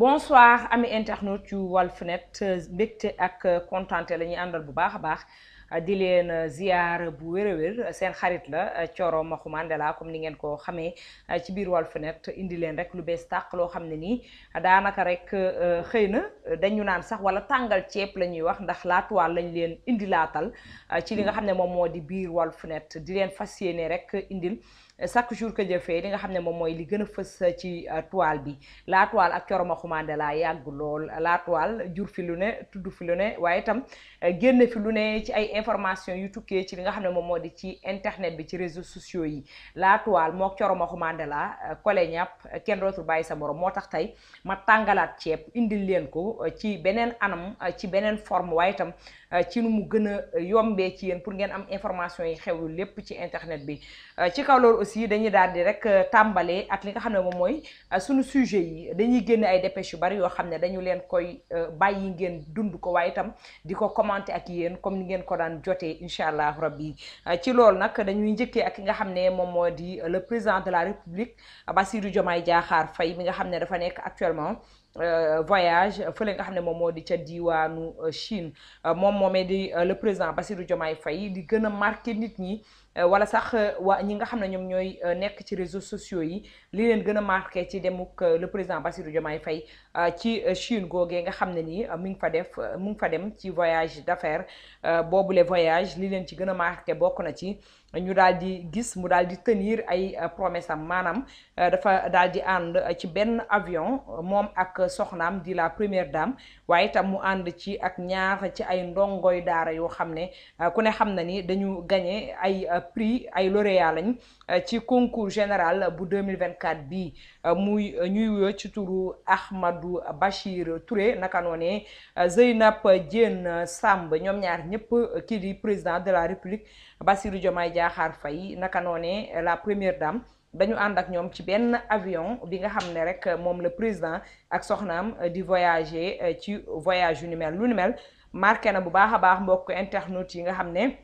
bonsoir ami internautes yu Walf Net mbégte ak kontaante la ñuy àndal bu baax a baax di leen ziar bu wér wér seen xarit la Thioro Maxu Mandela comme ni ngeen ko xamee ci biir Walf Net indi leen rek lu bees tàq loo xam ne nii daanaka rek xëy na dañu naan sax wala tàngal ceeb la ñuy wax ndax laatuwaal lañ leen indi laatal ci li nga xam ne moom moo di biir Walf Net di leen fas yéene rek indil chaque jour que jëfee li nga xam ne moom mooy li gën a fës ci euh, toile bi laa toile ak Thioro Maxumande laa yàgg lool la toile jur fi lu ne tudd fi lu ne waaye itam euh, génn fi lu ne ci ay information yu tukkee ci li nga xam ne moom moo di ci internet bi ci réseaux sociaux yi la moo mook Thioro Maxumande laa kole euh, ñàpp kenn dootul bàyyi sa morom moo tax tey ma tàngalaat ceeb indil leen ko ci beneen anam ci beneen forme waaye itam Euh, ci nu mu gën a euh, yombee ci yéen pour ngeen am information yi xew lépp ci internet bi euh, ci kaw loolu aussi dañuy daal di rek tàmbalee ak li nga xam ne moom mooy suñu sujet yi dañuy génn ay dépêche yu bari yoo xam ne dañu leen koy bàyyi ngeen dund ko waaye itam di ko commenter ak yéen comme ni ngeen ko daan jotee incha allah rabbi ci loolu nag dañuy njëkkee ak ki nga xam ne moom moo di le président de la république Bassirou Diomaye jaaxaar fay mi nga xam ne dafa nekk actuellement Euh, voyage euh, fële nga xam ne moom moo di ca diwaanu euh, Chine moom moomee di le président basiru Diomaye Faye di gën a marqué nit ñi wala sax wa ñi nga xam ne ñoom ñooy nekk ci réseaux sociaux yi li leen gën a marqué ci demuk le président Bassirou Diomaye Faye ci Chine googee nga xam ne nii mu ngi fa def mu ngi fa dem ci voyage boobu boobule voyage li leen ci gën a marqué bokk na ci ñu daal di gis mu daal di tenir ay euh, promesse maanaam euh, dafa daal di ànd ci benn avion euh, moom ak soxnaam di la première dame waaye itam mu ànd ci ak ñaar ci ay ndongoy daara yoo xam ne ku ne xam na ni dañu gañe ay prix ay lauréat lañ ci concours général bu 2024 bii Euh, muy euh, ñuy wuyoo ci turu Ahmadou Bachir Touré naka noonee euh, Zeynab Diène Samb ñoom ñaar ñëpp kii di président de la République Bassirou Diomaye Diakhar fay naka noone la première dame. dañu ànd ak ñoom ci benn avion bi nga xam ne rek moom la président ak soxnaam di voyager ci voyage yu ni mel lu ni mel marqué na bu baax a baax mbokk internautes yi nga xam ne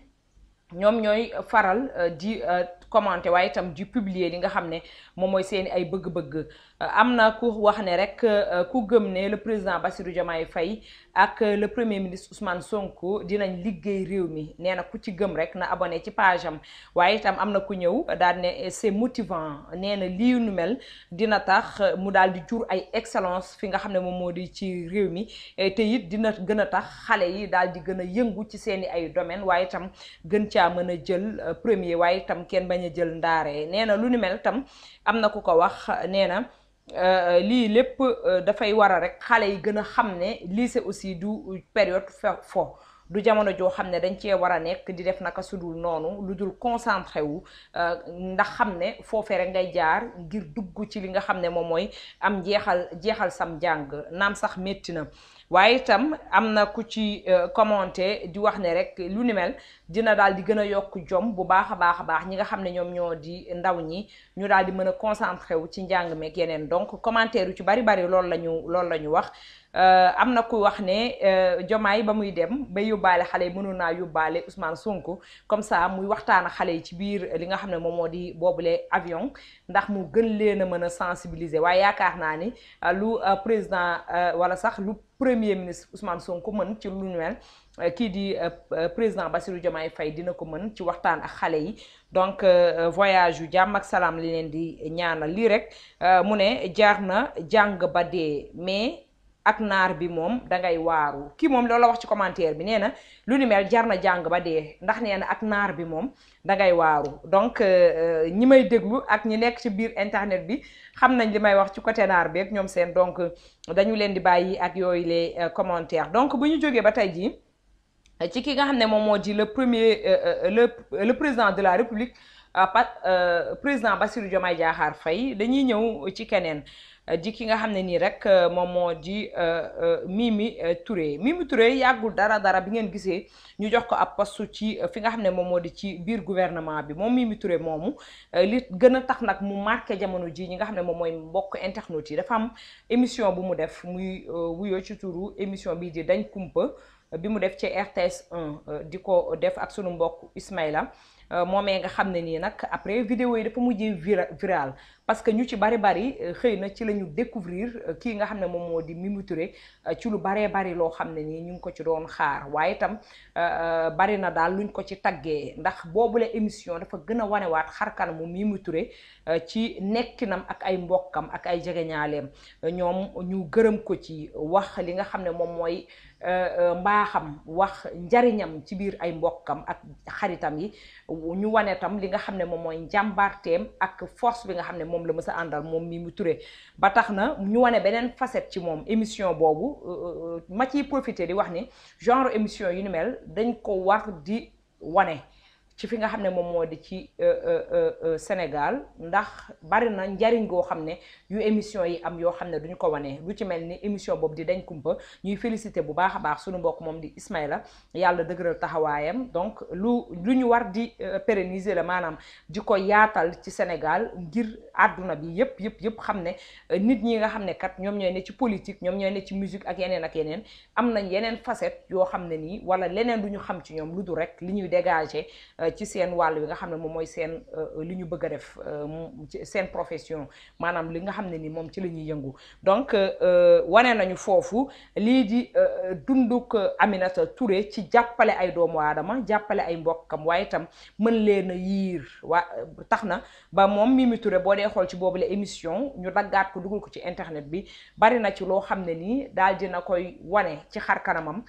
ñoom ñooy faral di commenter waaye itam di publier li nga xam ne moom mooy seen ay bëgg-bëgg am na ku wax ne rek euh, ku gëm ne le président Bassirou yi Faye ak euh, le premier ministre Ousmane Sonko dinañ liggéey réew mi nee na ku ci gëm rek na abone ci page waaye itam am na ku ñëw daal ne euh, c'est motivant nee na lii nu mel dina tax mu daal di jur ay excellence fi nga xam ne moom moo di ci réew mi te it dina gën a tax xale yi daal di gën a yëngu ci seeni ay domaine waaye itam gën caa mën a jël premier waaye itam kenn bañ a jël ndaare nee na lu ni mel tam am na ku ko wax nee na euh, lii lépp euh, dafay war a rek xale yi gën a xam ne lii lycée aussi du période fo du jamono joo xam ne dañ cee war a nekk di def naka sudul noonu lu dul concentré wu euh, ndax xam ne foofee rek ngay jaar ngir dugg ci li nga xam ne moom mooy am jeexal jeexal sam jàng naam sax métti na waaye itam am na ku ci euh, commenté di wax ne rek lu ni mel dina daal di gën a yokk jom bu baax a baax a baax ñi nga xam ne ñoom ñoo di ndaw ñi ñu daal di mën a concentré wu ci njàng meeg yeneen donc commentaire yu ci bari bari loolu la ñu loolu la ñu wax Euh, am na ku wax ne Jomaay euh, ba muy dem ba yóbbaale xale yi mënoon naa yóbbaale Ousmane Sonko comme ça muy waxtaan xale yi ci biir li nga xam ne moom moo di boobule avion ndax mu gën leen a mën a sensibiliser waaye yaakaar naa ni euh, lu président wala sax lu premier ministre Ousmane Sonko mën ci lu ñu mel kii di président Bassirou Diomaye Faye dina ko mën ci waxtaan ak xale yi donc voyage yu jàmm ak salaam li leen di ñaana lii rek mu ne jaar na jàng ba dee mais. ak naar bi moom dangay waaru kii moom loolu la wax ci commentaire bi neena lu ni mel jar na jàng ba dee ndax nee na ak naar bi moom dangay waaru donc euh, euh, ñi may déglu ak ñi nekk ci biir internet bi xam nañ li may wax ci côté naar bi ñoom seen donc euh, dañu leen di bàyyi ak yooyu les commentaires donc bu ñu jógee ba tey jii ci ki nga xam ne moom moo di le premier le le président de la république pa président Bassirou Diomaye Diakhar Faye dañuy ñëw ci keneen. di ki nga xam ne nii rek euh, moom moo di euh, euh, Mimi Touré Mimi Touré yàggul dara dara bi ngeen gisee ñu jox ko ab poste ci fi nga xam ne moom moo di ci biir gouvernement bi moom Mimi Touré moomu li gën a tax nag mu marqué jamono ji ñi nga xam ne moom mooy mbokk internet yi dafa am émission bu mu def muy wuyoo ci turu émission bi di dañ kumpa bi mu def ci RTS 1 di ko def ak sunu mbokk Ismaïla Euh, moomee nga xam ne nii nag après vidéo yi dafa mujjee viral parce que ñu ci bari bari euh, xëy na ci la ñu découvrir euh, kii nga xam ne moom moo di Mimi Touré ci lu baree bari loo xam ne nii ñu ngi ko ci doon xaar waaye itam bari na daal luñ ko ci taggee ndax boobu boobule émission dafa gën a wanewaat xarkan mu Mimi ci nekkinam ak ay mbokkam ak ay jegeñaaleem ñoom ñu gërëm ko ci wax li nga xam ne moom mooy Euh, euh, mbaaxam wax njariñam ci biir ay mbokkam ak xaritam yi ñu wane tam li nga xam ne moom mooy njàmbaarteem ak force bi nga xam ne moom la mës a àndal moom mi mu ture ba tax na ñu wane beneen facette ci moom émission boobu euh, ma ciy profité di wax ni genre émission yu ni mel dañ ko war di wane ci fi nga xam ne moom moo di ci euh, euh, euh, Sénégal ndax bari na njariñ goo xam ne yu émission yi am yoo xam ne duñu ko wanee lu ci mel ni émission boobu di dañ kumpa ñuy félicité bu baax a baax suñu mbokk moom di Ismaïla yàlla dëgëral taxawaayam donc lu lu ñu war di pérenniser la maanaam di ko yaatal ci Sénégal ngir àdduna bi yëpp yëpp yëpp xam ne nit ñi nga xam ne kat ñoom ñooy ne ci politique ñoom ñooy ne ci musique ak yeneen ak yeneen am nañ yeneen facette yoo xam ne nii wala leneen du ñu xam ci ñoom rek li ñuy ci seen wàll wi nga xam ne moom mooy seen euh, li ñu bëgg a def euh, seen profession maanaam li nga xam ne ni moom ci la ñuy yëngu donc euh, wane nañu foofu lii di dunduk Aminata Touré ci jàppale ay doomu aadama jàppale ay mbokkam waaye tam mën leen a yiir waa tax na ba moom Mimi Touré boo dee xool ci boobu la émission ñu daggaat ko dugal ko ci internet bi bari na ci loo xam ne nii daal ji na koy wane ci xar kanamam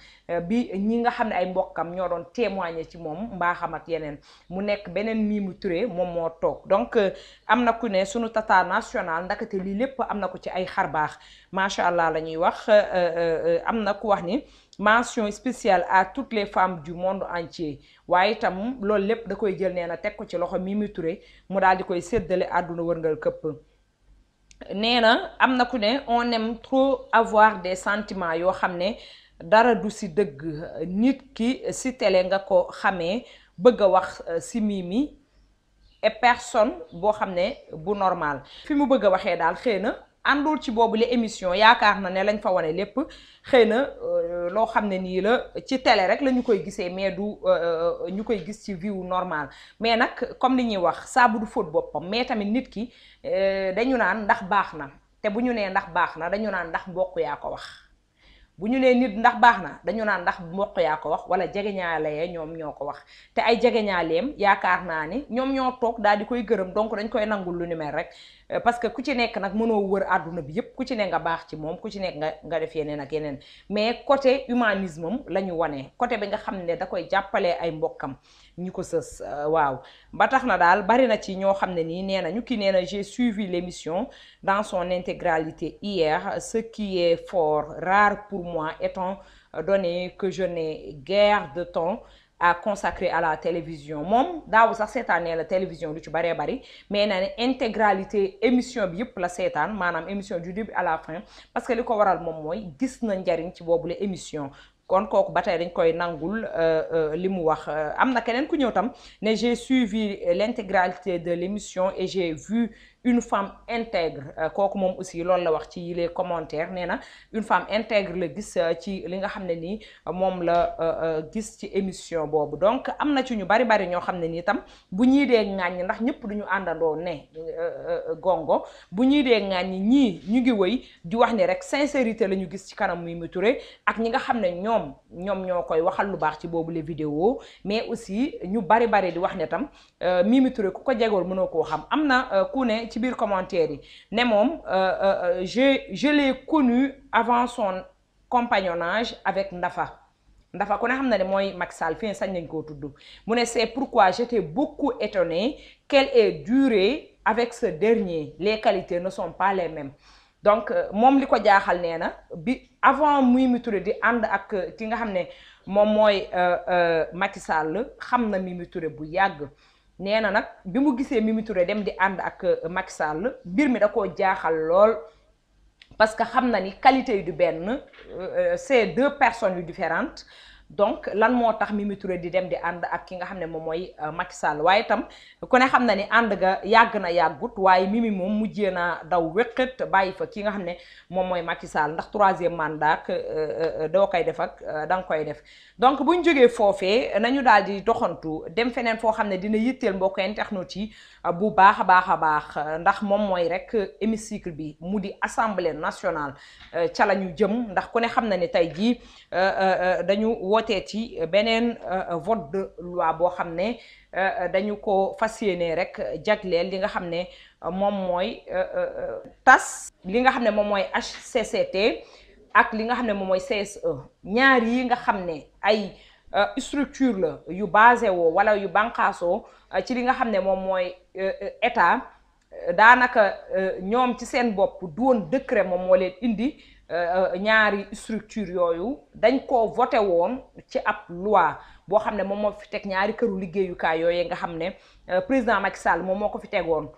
bi ñi nga xam ne ay mbokkam ñoo doon témoigner ci moom mbaa yeneen leneen mu nekk beneen Mimi Touré moom moo toog donc euh, am na ku ne sunu tata national ndakate lii lépp am na ko ci ay xar baax macha allah la ñuy wax euh, euh, am na ku wax ni mention spéciale à toutes les femmes du monde entier waaye itam loolu lépp da koy jël nee na teg ko ci loxo Mimi Touré mu daal di koy séddale àdduna wërngal këpp nee na am na ku ne on aime trop avoir des sentiments yoo xam ne dara du si dëgg nit ki si télé nga ko xamee bëgg a wax euh, si mi et personne boo xam ne bu normal fi mu bëgg a waxee daal xëy na àndul ci boobu li émission yaakaar na ne lañ fa wane lépp xëy na euh, loo xam ne nii la ci télé rek lañu koy gisee mais du euh, ñu koy gis ci vie normal mais nag comme li ñuy wax saabu du fóot boppam mais tamit nit ki dañu naan ndax baax na te bu ñu nee ndax baax na dañu naan ndax mbokk yaa ko wax bu ñu nee nit ndax baax na dañu naan ndax mboq yaa ko wax wala jegeñaale ya ñoom ñoo ko wax te ay jegeñaaleem yaakaar naa ni ñoom ñoo toog daal di koy gërëm donc dañ koy nangul lu ni mel rek euh, parce que ku ci nekk nag mënoo wër àdduna bi yépp ku ci ne nga baax ci moom ku ci nekk nga nga def yeneen ak yeneen mais côté humanisme am la ñu wane côté bi nga xam ne da koy jàppalee ay mbokkam ñi ko sës euh, waaw ba tax na daal bari na ci ñoo xam ne nii nee na ñu ki nee na j'ai suivi l'émission dans son intégralité hier ce qui est fort rare pour moi étant donné que je n'ai guère de temps à consacrer à la télévision moom daaw sax seetaanee la télévision lu ci baree bari mais na ne intégralité émission bi yëpp la seetaan maanaam émission du début à la fin parce que li ko waral moom mooy gis na njariñ ci boobu la émission kon kooku ba tey dañ koy nangul euh, euh, li mu wax euh, am na keneen ku ñëw tam ne j'ai suivi l'intégralité de l'émission et j'ai une femme intègre euh, kooku moom aussi loolu la wax ci yilee commentaire nee na une femme intègre la gis euh, ci li nga xam ne nii moom la euh, gis ci émission boobu donc am na ci ñu bari bari ñoo xam ne nii tam bu ñii dee ŋàññi ndax ñëpp duñu àndandoo ne gongo bu ñii dee ŋàññi ñii ñu ngi woy di wax ni rek sincérité la ñu gis ci kanam Mimi Touré ak ñi nga xam ne ñoom ñoom ñoo koy waxal lu baax ci boobu les vidéos mais aussi ñu bari bari di wax ne tam Mimi Touré ku ko jegool mënoo koo xam am na ku ne ci biir commentaire yi ne moom euh, euh, je je l'ai connu avant son compagnonnage avec Ndafa Ndafa ku ne xam na ne mooy Macky Sall fii sañ nañ koo tudd mu ne c'est pourquoi j'étais beaucoup étonné qu'elle ait duré avec ce dernier les qualité ne sont pas les donc euh, moom li ko jaaxal nee na bi avant muy Mimi di ànd ak ki nga xam ne moom mooy Macky Sall xam na Mimi Touré bu yàgg nee na nag bi mu gisee Mimi dem di ànd ak euh, Macky mbir mi da koo jaaxal lool parce que xam na ni qualité yi du benn euh, euh, c'est deux personnes yu différentes donc lan moo tax Mimi Touré di dem di ànd ak ki nga xam ne moom mooy euh, Macky Sall waaye itam ku ne xam na ni ànd ga yàgg na yàggut waaye Mimi moom mujjee na daw wéqat bàyyi fa ki nga xam ne moom mooy Macky Sall ndax troisième mandat euh, euh, doo koy def ak da koy def donc bu buñ jógee foofee nañu daal di doxantu dem feneen foo xam ne dina yitteel mbokk internautes yi bu baax a baax a baax ndax moom mooy rek hémicycle bi mu di assemblée nationale ca la ñu jëm ndax ku ne wootee ci beneen euh, vote de loi boo xam ne euh, dañu ko fas yéene rek jagleel li nga xam ne euh, moom mooy tas li nga xam ne moom mooy HCCT ak li nga xam ne moom mooy CSE ñaar yi nga xam ne ay structure la yu basé woo wala yu bànqaasoo ci li nga xam ne moom mooy état daanaka ñoom ci seen bopp du woon décret moom moo leen indi Euh, euh, ñaari structure yooyu dañ ko voté woon ci ab loi boo xam ne moom moo fi teg ñaari këru liggéeyukaay yooyu nga xam ne euh, président Macky Sall moom moo ko fi tegoon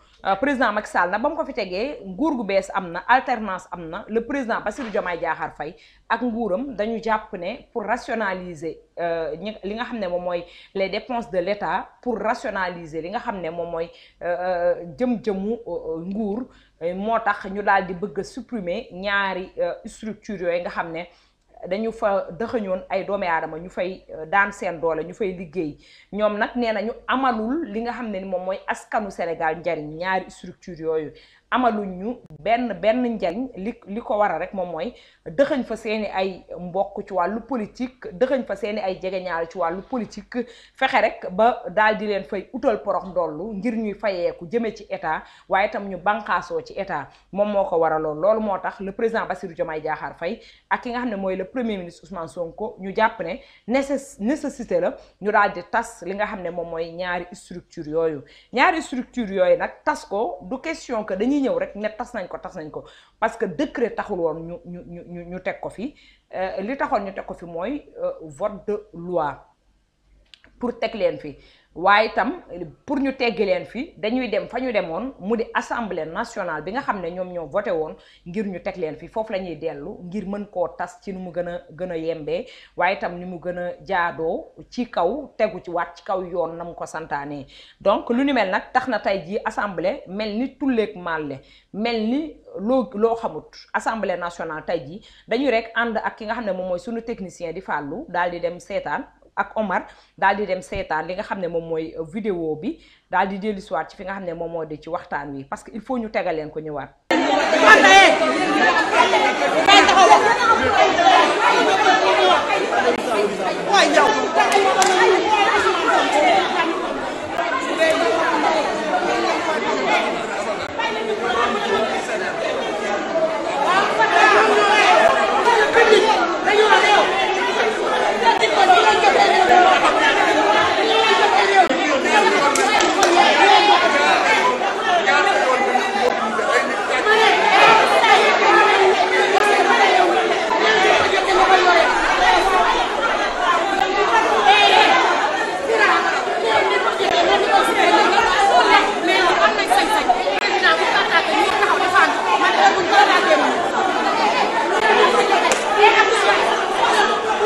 président Macky Sall nag ba mu ko fi tegee nguur gu bees am na alternance am na le président Bassirou Diomaye Diakhar fay ak nguuram dañu jàpp ne pour rationaliser li nga xam ne moom mooy les dépenses de l'État pour rationaliser li nga xam ne moom mooy jëm-jëmu nguur Euh, moo tax ñu daal di bëgg a supprimer ñaari euh, structure yooyu nga xam ne dañu fa dëxëñoon ay doomi aadama ñu fay euh, daan seen doole ñu fay liggéey ñoom nag nee na ñu amalul li nga xam ne ni moom mooy askanu Sénégal njariñ ñaari structure yooyu amaluñ ñu benn benn njariñ li li ko waral rek moom mooy dëxëñ fa seeni ay mbokk ci wàllu politique dëxëñ fa seeni ay jegeñaal ci wàllu politique fexe rek ba daal di leen fay utal porox ndollu ngir ñuy fayeeku jëme ci état waaye tam ñu banqaasoo ci état moom moo ko waraloon loolu moo tax le président Bassirou Diomaye Diakhar Faye ak ki nga xam ne mooy le premier ministre Ousmane Sonko ñu jàpp ne nécessité la ñu daal di tas li nga xam ne moom mooy ñaari structure yooyu ñaari structure yooyu nag tas ko du question que dañuy ñëw rek ne tas nañ ko tas nañ ko parce que décret taxul woon ñu ñu ñu ñu teg ko fi euh, li taxoon ñu teg ko fi mooy euh, vote de loi pour teg leen fi waaye itam pour ñu teggi leen fi dañuy dem fa ñu demoon mu di assemblée nationale bi nga xam ne ñoom ñoo voté woon ngir ñu teg leen fi foofu la ñuy dellu ngir mën koo tas ci nu mu gën a gën a yembee waaye itam ni mu gën a jaadoo ci kaw tegu ci waat ci kaw yoon na mu ko santaanee donc lu ni mel nag tax na tey jii assemblée mel ni tulleeg màlle mel ni loo loo xamut assemblée national tey jii dañuy rek ànd ak ki nga xam ne moom mooy sunu technicien di fàllu daal di dem seetaan ak Omar daal di dem seetaan li nga xam ne moom mooy video bi daal di dellusiwaat ci fi nga xam ne moom moo di ci waxtaan wi parce que il faut ñu tegal ko ñëwaat. waay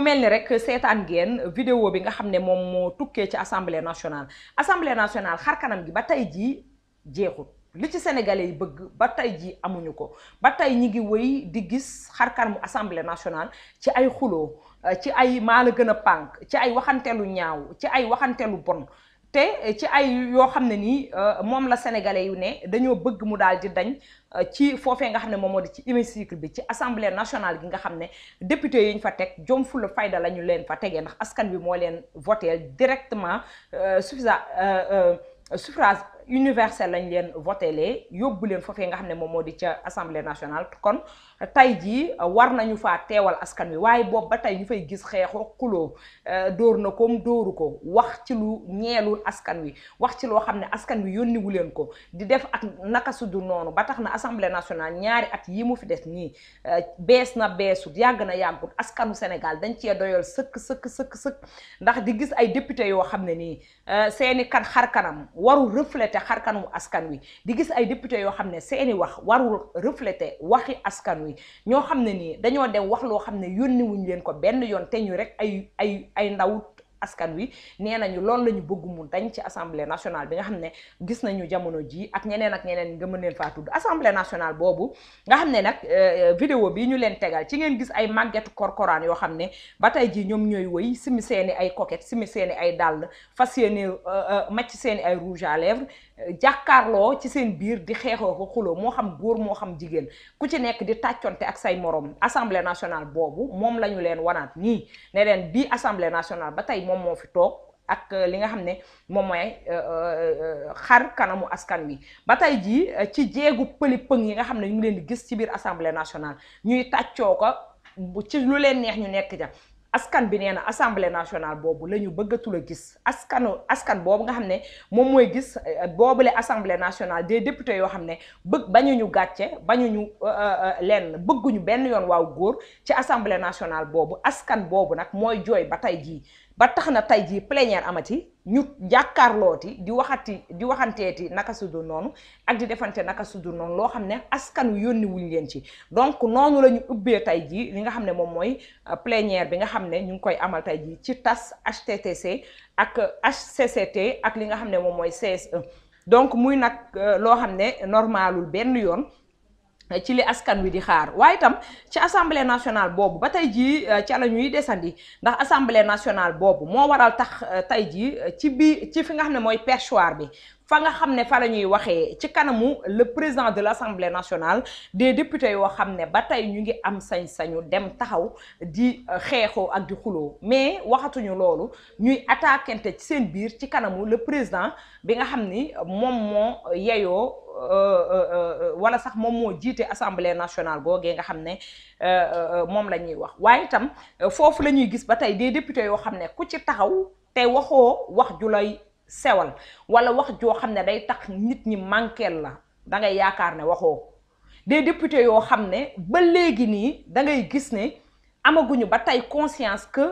mel ni rek seetaan ngeen vidéo bi nga xam ne moom moo tukkee ci assemblée nationale assemblée nationale xar kanam gi ba tey jii jeexut li ci sénégalais yi bëgg ba tey jii amuñu ko ba tey ñi ngi woy di gis xar kanamu assemblée nationale ci ay xuloo ci ay maa la gën a pànk ci ay waxanteelu ñaaw ci ay waxanteelu bon te ci ay yoo xam ne nii euh, moom la sénégalais yu ne dañoo bëgg mu daal di dañ euh, ci foofee nga xam ne moom moo di ci hémicycle bi ci assemblée nationale gi nga xam ne député yi ñu fa teg jom fulla fayda la ñu leen fa tegee ndax askan bi moo leen voteel directement euh, suffisa suffrage universel lañ leen votelee yóbbu leen foofee nga xam ne moom moo di ca assemblée nationale kon tey jii euh, war nañu fa teewal askan wi waaye boobu ba tey ñu fay gis xeexoo xuloo euh, dóor na koom dóoru ko wax ci lu ñeelul askan wi wax ci loo xam ne askan wi yónniwu leen ko di def ak naka su du noonu ba tax na assemblée nationale ñaari at yi mu fi des nii euh, bees na beesut yàgg na yàggut askanu Sénégal dañ cee doyal sëkk sëkk sëkk sëkk ndax di gis ay député yoo xam ne nii seeni kan xar kanam warul refléter xarkan kanamu askan wi di gis ay député yoo xam ne seeni wax warul refléter waxi askan wi wi ñoo xam ne nii dañoo dem wax loo xam ne yónni leen ko benn yoon te ñu rek ay ay ay ndaw askan wi nee nañu lool lañu ñu bëgg mu dañ ci assemblée nationale bi nga xam ne gis nañu jamono ji ak ñeneen ak ñeneen nga mën leen faa tudd assemblée nationale boobu nga xam ne nag euh, vidéo bi ñu leen tegal ci ngeen gis ay màggetu korkoraan yoo xam ne ba tey ji ñoom ñooy woy simi seeni ay coquette simi seeni ay dàll fas yéene euh, euh, màcc seeni ay rouge à lèvres jàkkaarloo ci seen biir di xeexoo ko xuloo moo xam góor moo xam jigéen ku ci nekk di tàcconte ak say moroom assemblée nationale boobu moom la ñu leen wanaat nii ne leen bii assemblée nationale ba tey moom moo fi toog ak euh, li nga xam ne moom mooy euh, euh, xar kanamu askan wi ba tey jii ci jéegu pëli pëng yi nga xam ne ñu ngi leen di gis ci biir assemblée nationale ñuy tàccoo ko ci lu leen neex ñu nekk ja askan bi nee na assemblée nationale boobu la ñu bëggatul a gis askanu askan boobu nga xam ne moom mooy gis euh, boobule assemblée nationale des députés yoo xam ne bëgg bañuñu gàcce bañuñu euh, euh, lenn bëgguñu benn yoon waaw góor ci assemblée nationale boobu askan boobu nag mooy jooy ba tey jii ba tax na tey jii plénière amati ñu jàkkaarlooti di waxati di waxanteeti naka sudur noonu ak di defante naka sudur noonu loo xam ne askan wi yónni leen ci donc noonu la ñu ubbee tey jii li nga xam ne moom mooy euh, plénière bi nga xam ne ñu ngi koy amal tey jii ci TAS HTTC ak HCCT ak li nga xam ne moom mooy CSE donc muy nag euh, loo xam ne normalul benn yoon ci li askan wi di xaar waaye itam ci assemblée nationale boobu ba tey jii euh, ca la ñuy desandi ndax assemblée nationale boobu moo waral tax euh, tey jii euh, ci bi ci fi nga xam ne mooy perchoir bi fa nga xam ne fa la ñuy waxee ci kanamu le président de l'Assemblée nationale des députés yoo xam ne ba tey ñu ngi am sañ-sañu dem taxaw di euh, xeexoo ak di xuloo mais waxatuñu loolu ñuy attaquante ci seen biir ci kanamu le président bi nga xam ni moom moo yeyoo euh, euh, wala sax moom moo jiite assemblée nationale boogee nga xam ne moom la ñuy wax waaye itam foofu la ñuy gis ba tey des député yoo xam ne ku ci taxaw te waxoo wax ju lay sewal wala wax joo xam ne day tax nit ñi manqueel la da ngay yaakaar ne waxoo des députés yoo xam ne ba léegi nii da ngay gis ne amaguñu ba tey conscience que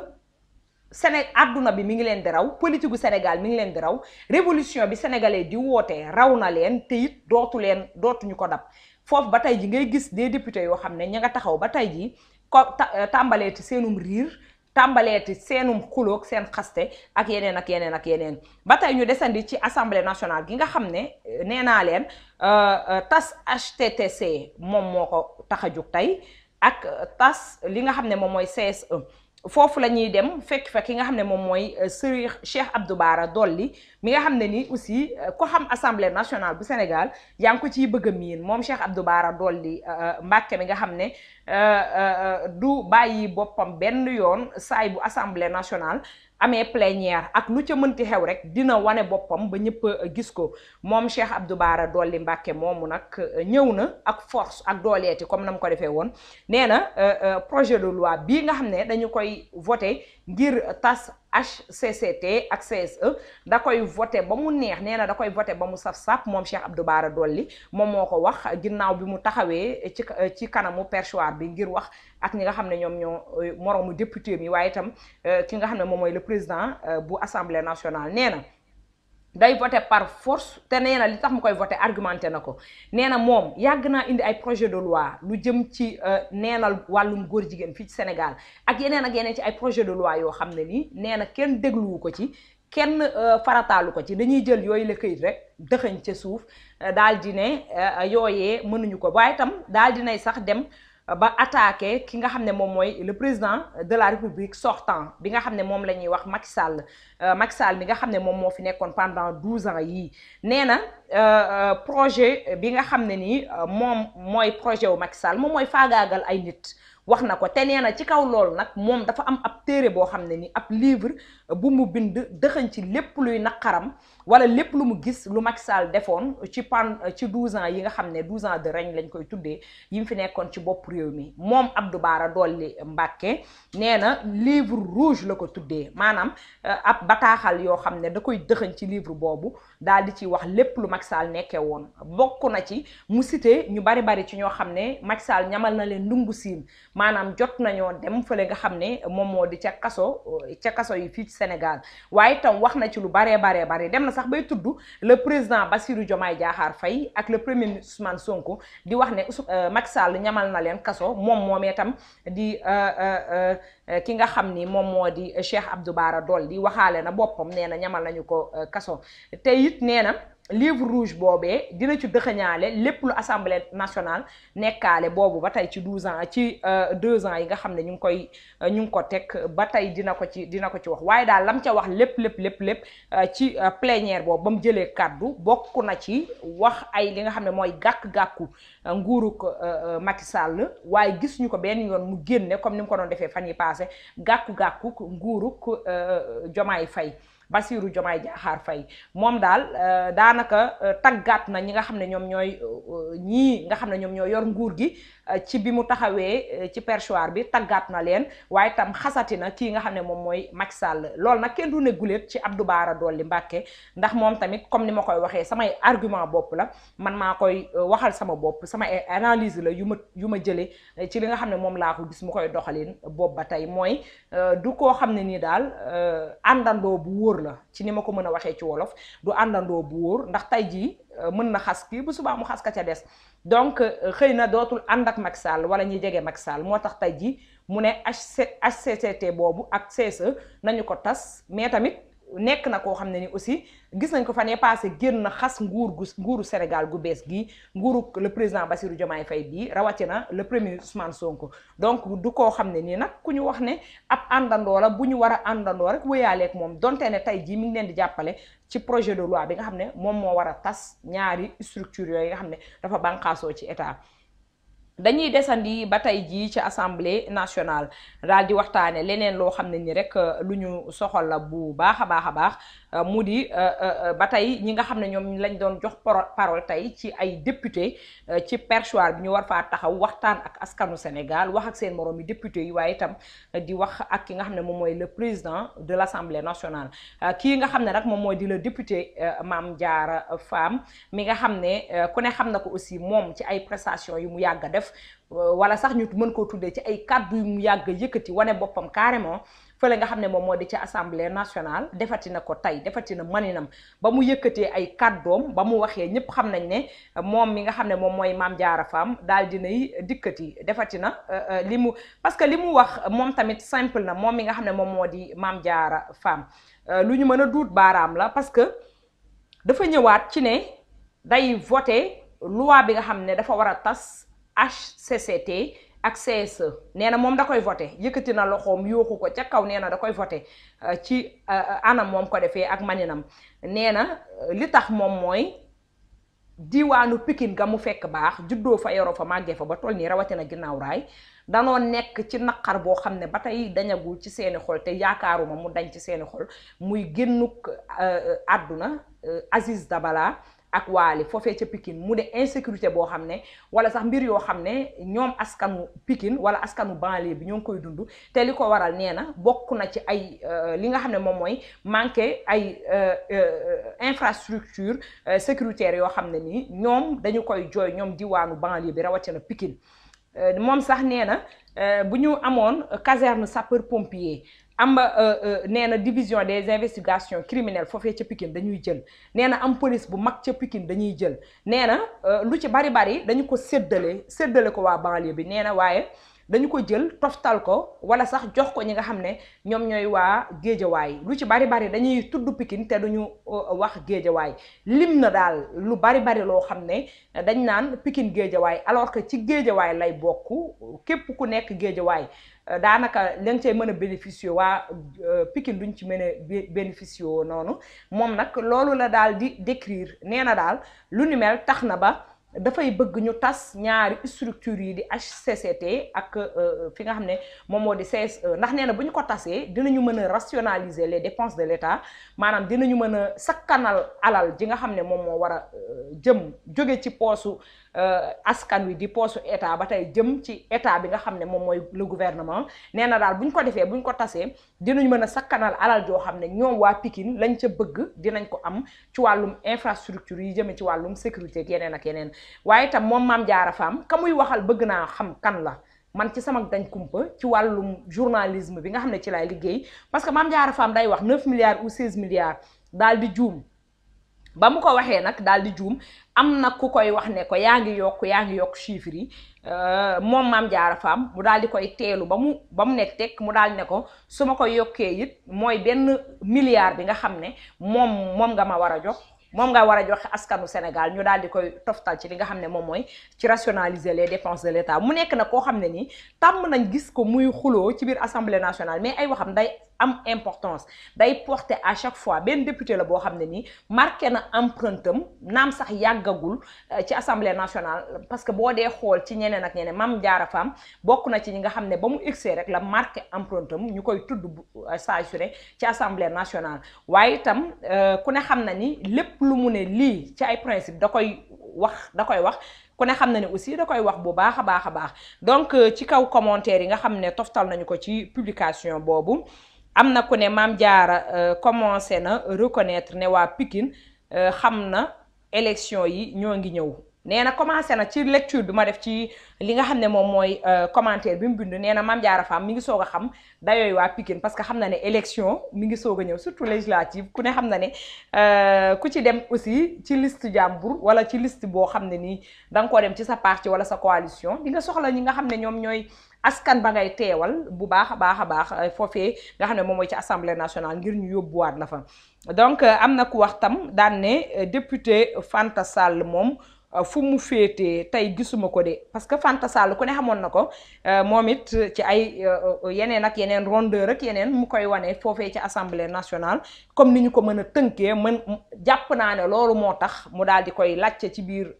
Séné àdduna bi mi ngi leen di raw politique Sénégal mi ngi leen di raw révolution bi sénégalais di wootee raw na leen te it dootu leen dootuñu ko dab foofu ba tey ji ngay gis des députés yoo xam ne ña nga taxaw ba tey ji ko tàmbaleeti seenum riir tàmbaleeti seenum xuloog seen xaste ak yeneen ak yeneen ak yeneen ba tey ñu desandi ci assemblée nationale gi nga xam ne euh, nee naa leen euh, euh, tas HTTC moom moo ko tax a jug tey ak tas li nga xam ne moom mooy CSE foofu la ñuy dem fekk fekk yi nga xam ne moom mooy euh, Serigne Cheikh Abdou Bara Dolly mi nga xam ne ni aussi euh, ko xam assemblée nationale bu Sénégal yaa ci ko ciy bëgg a miin moom Cheikh Abdou Bara Dolly euh, Mbàkke mi nga xam ne du bàyyi boppam benn yoon saay bu assemblée nationale amee plenière ak lu ca mënti xew rek dina wane boppam ba ñëpp euh, gis ko moom Cheikh Abdou Bara Dolly Mbacké moomu nag euh, ñëw na ak force ak dooleeti comme na mu ko defee woon nee na euh, projet de loi bii nga xam ne dañu koy voté ngir tas HCCT ak CSE da koy voté ba mu neex nee na da koy voté ba mu saf-saf moom Cheikh Abdou Bara Dolly moom moo ko wax ginnaaw bi mu taxawee ci ci kanamu perchoir bi ngir wax ak ñi nga xam ne ñoom ñoo moroomu député mi waaye itam euh, ki nga xam ne moom mooy le président euh, bu assemblée nationale nee na day voté par force te nee na li tax mu koy voté argumenté na ko nee na moom yàgg naa indi ay projet de loi lu jëm ci euh, neenal wàllum góor jigéen fii ci Sénégal ak yeneen ak yeneen ci ay projet de loi yoo xam ne nii nee na kenn dégluwu ko ci kenn euh, farataalu ko ci dañuy jël yooyu la këyit rek dëxëñ ca suuf euh, daal di ne yooyee mënuñu ko waaye itam daal di nay sax dem. ba attaque ki nga xam ne moom mooy le président de la république sortant bi nga xam ne moom la ñuy wax Macky Sall euh, bi nga xam ne moom moo fi nekkoon pendant douze ans yii nee na euh, euh, projet bi nga xam ne nii moom mooy projet wu Macky moom mooy faagaagal ay nit wax na ko te nee ci kaw loolu nag moom dafa am ab téere boo xam ne ni ab livre bu mu bind dëxëñ ci lépp luy naqaram wala lépp lu mu gis lu Macky Sall defoon ci pan ci 12 ans yi nga xam ne 12 ans de règne lañ koy tuddee yi mu fi nekkoon ci bopp réew mi moom Abdou Bara Dolly Mbacké nee na livre rouge la ko tuddee maanaam euh, ab bataaxal yoo xam ne da koy dëxañ ci livre boobu daal di ci wax lépp lu Macky Sall nekkee woon bokk na ci mu cité ñu bari bari ci ñoo xam ne Macky ñamal na leen ndungu siin maanaam jot nañoo dem fële nga xam ne moom moo di ca kaso ca kaso yi fii ci Sénégal waaye itam wax na ci lu baree baree bare dem na sax bay tudd le président Bassirou Diomaye Diakhar fay ak le premier ministre Ousmane Sonko di wax ne euh, Macky Sall ñamal na leen kaso moom moomee tam di euh, euh, ki nga xam ni moom moo di Cheikh Abdou Bara Dolly di waxaale na boppam nee na ñamal nañu ko kaso te it nee na livre rouge boobee dina ci dëxëñaale lépp lu assemblée nationale nekkaale boobu ba tey ci douze ans ci euh, deux ans yi nga xam ne ñu ngi koy euh, ñu ngi ko teg ba tey dina ko ci dina ko ci wax waaye daal lam ca wax lépp lépp lépp lépp euh, ci plenière boobu ba mu jëlee kàddu bokk na ci wax ay li nga xam ne mooy gàkk-gàkku nguuruk Macky Sall waaye gis ñu ko benn yoon mu génne comme ni mu ko doon defee fan yi passé gàkku-gàkku nguuruk Jomaay Fay Bassirou Diomaye Diakhar fay moom daal euh, daanaka euh, taggaat na ñi nga xam ne ñoom ñooy euh, ñii nga xam ne ñoom ñooy yor nguur gi ci bi mu taxawee ci perchoir bi taggaat na leen waaye tam xasati na kii nga xam ne moom mooy Macky Sall loolu nag kenn du ne guléet ci Abdou dool Dolly Mbacké ndax moom tamit comme ni ma koy waxee samay argument bopp la man maa koy waxal sama bopp sama analyse la yu ma yu ma jëlee ci li nga xam ne moom laa ko gis mu koy doxalin bopp ba tey mooy du koo xam ne nii daal àndandoo bu wóor la ci ni ma ko mën a waxee ci wolof du àndandoo bu ndax tey jii euh, mën na xas kii bu subaa mu xas ka ca des donc euh, xëy na dootul ànd ak mag Sall wala ñuy jege Macky Sall moo tax tey jii mu ne HCCT boobu ak CSE nañu ko tas mais tamit. nekk na koo xam ne ni aussi gis nañ ko fan yii passé génn na xas nguur gu nguuru Sénégal gu bees gii nguuru le président Bassirou Diomaye Faye bii rawatina le premier Ousmane Sonko donc du koo xam ne nii nag ku ñu wax ne ab àndandoo la bu ñu war a àndandoo rek wéyaaleeg moom donte ne tey jii mi ngi leen di jàppale ci projet de loi bi nga xam ne moom moo war a tas ñaari structure yooyu nga xam ne dafa bànqaasoo ci état. dañuy desandi ba tey jii ci assemblée nationale daal di waxtaane leneen loo xam ne ni rek euh, lu ñu soxal la bu baax a baax a baax Euh, mu di euh, euh, ba tey ñi nga xam ne ñoom lañ doon jox parole tey ci ay député ci perchoir bi ñu war faa taxaw waxtaan ak askanu Sénégal wax ak seen moroom yi député yi waaye itam di wax ak ki nga xam ne moom mooy le président de l'Assemblée nationale kii nga xam ne nag moom mooy di le député Mame Diarra Fam mi nga xam ne ku ne xam na ko aussi moom ci ay prestations yu mu yàgg a def wala sax ñu mën koo tuddee ci ay kàddu yu mu yàgg a yëkkati wane boppam carrément fële nga xam ne moom moo di ci assemblée nationale defati na ko tey defati na maninam ba mu yëkkatee ay kàddoom ba mu waxee ñëpp xam nañ ne moom mi nga xam ne moom mooy Mame Diarra Fam daal dinay dikkati defati na euh, euh, li mu parce que li mu wax moom tamit simple na moom mi nga xam ne moom moo di maam Diarra Fam euh, lu ñu mën a duut baaraam la parce que dafa ñëwaat ci ne day voté loi bi nga xam ne dafa war a tas HCCT ak CSE nee na moom da koy voté yëkkati na loxoom yooxu ko ca kaw nee na da koy voté euh, ci euh, anam moom ko defee ak maninam nee na euh, li tax moom mooy diwaanu Pikine ga mu fekk baax juddoo fa yoroo fa màggee fa ba toll nii rawatina ginnaaw raay danoo nekk ci naqar boo xam ne ba tey dañagul ci seeni xol te yaakaaruma mu dañ ci seeni xol muy génnuk àdduna Aziz Dabala ak waali foofee ca Pikine mu de insécurité boo xam ne wala sax mbir yoo xam ne ñoom askanu Pikine wala askanu banlieue bi ñoo ngi koy dund te li ko waral nee na bokk na ci ay euh, li nga xam ne moom mooy manqué ay euh, euh, infrastructure sécuritaire yoo xam ne nii ñoom dañu koy jooy ñoom diwaanu banlieue bi na Pikine moom sax nee na bu ñu amoon caserne sapeur pompier am euh, euh, nee na division des investigations criminelles foofee ca Pikine dañuy jël nee na am police bu mag ca Pikine dañuy jël nee na euh, lu ci bari bari dañu ko séddale séddale ko waa banlieue bi nee na waaye dañu ko jël toftal ko wala sax jox ko ñi nga xam ne ñoom ñooy waa géejawaay lu ci bari bari dañuy tudd pikin te duñu wax géejawaay lim na daal lu bari bari loo xam ne dañ naan Pikine géejawaay alors que ci géejawaay lay bokk képp ku nekk géejawaay daanaka lañ nga mën a bénéficier waa euh, Pikine ñu ci mën a bénéficier woo noonu moom nag loolu la daal di décrire nee na daal lu ni mel tax na ba dafay bëgg ñu tas ñaari structure yi di HCCT ak euh, fi nga xam ne moom moo di CSE ndax nee na bu ñu ko tasee dinañu mën a rationaliser les dépenses de l'État maanaam dinañu mën a sakkanal alal ji nga xam ne moom moo war a euh, jëm jóge ci poosu Euh, askan wi di poosu état ba tey jëm ci état bi nga xam ne moom mooy le gouvernement nee na daal bu ko defee bu ko tasee dinañ mën a sakkanal alal joo xam ne ñoom waa Pikine lañ ca bëgg dinañ ko am ci wàllum infrastructure yi jëme ci wàllum sécurité ak yeneen ak yeneen waaye tam moom Mame Diarra Fam ka muy waxal bëgg naa xam kan la man ci sama dañ kumpa ci wàllum journalisme bi nga xam ne ci lay liggéey parce que Mame Diarra Fam day wax 9 milliards ou 16 milliards daal di juum ba mu ko waxee nag daal di juum am na ku koy wax ne ko yaa ngi yokk yaa ngi yokk chiffres yi euh, moom maam jaara faam mu daal di koy teelu ba mu ba mu nekk tekk mu daal ne ko su ko yokkee it mooy benn milliard bi nga xam ne moom moom nga ma war a jox moom nga war a joxe askanu Sénégal ñu daal di koy toftal ci li nga xam ne moom mooy ci rationaliser les dépenses de l' état mu nekk nag koo xam ne nii tàmm nañ gis ko muy xuloo ci biir assemblée nationale mais ay waxam day am importance day porter à chaque fois benn député la boo xam ne nii marqué na empreinte am naam sax yàggagul euh, ci assemblée nationale parce que boo dee xool ci ñeneen ak ñeneen maam Diarra Fam bokk na ci ñi nga xam ne ba mu egsee rek la marqué empreinte mu ñu koy tudd saa su ne ci assemblée nationale waaye itam euh, ku ne xam na ni lépp lu mu ne lii ci ay principe da koy wax da koy wax ku ne xam na ne aussi da koy wax bu baax a baax a baax donc euh, ci kaw commentaire yi nga xam ne toftal nañu ko ci publication boobu am na ku ne Mame Diarra euh, commencé na reconnaitre ne waa Pikine euh, xam na élection yi ñoo ngi ñëw nee na commencé na ci lecture bi ma def ci li nga xam ne moom mooy euh, commentaire bi mu bind nee na Mame Diarra Fam mi ngi soog a xam dayooy waa pickin parce que xam na ne élection mi ngi soog a ñëw surtout législative ku ne xam na ne ku ci dem aussi ci liste jàmbur wala ci liste boo xam ne nii da nga koo dem ci sa parti wala sa coalition di nga soxla ñi nga xam ne ñoom ñooy askan ba ngay teewal bu baax a baax a baax euh, foofee nga xam ne moom mooy ci assemblée nationale ngir ñu yóbbuwaat la fa donc euh, am na ku wax tam daan ne euh, député Fanta Sall moom. Euh, fu mu féetee tey gisuma ko de parce que Fanta Sall ku ne xamoon na ko euh, moom it ci ay euh, yeneen ak yeneen rondeur ak yeneen mu koy wane foofee ci assemblée national comme ni ñu ko mën a tënkee mën jàpp naa ne loolu moo tax mu daal di koy làcce ci biir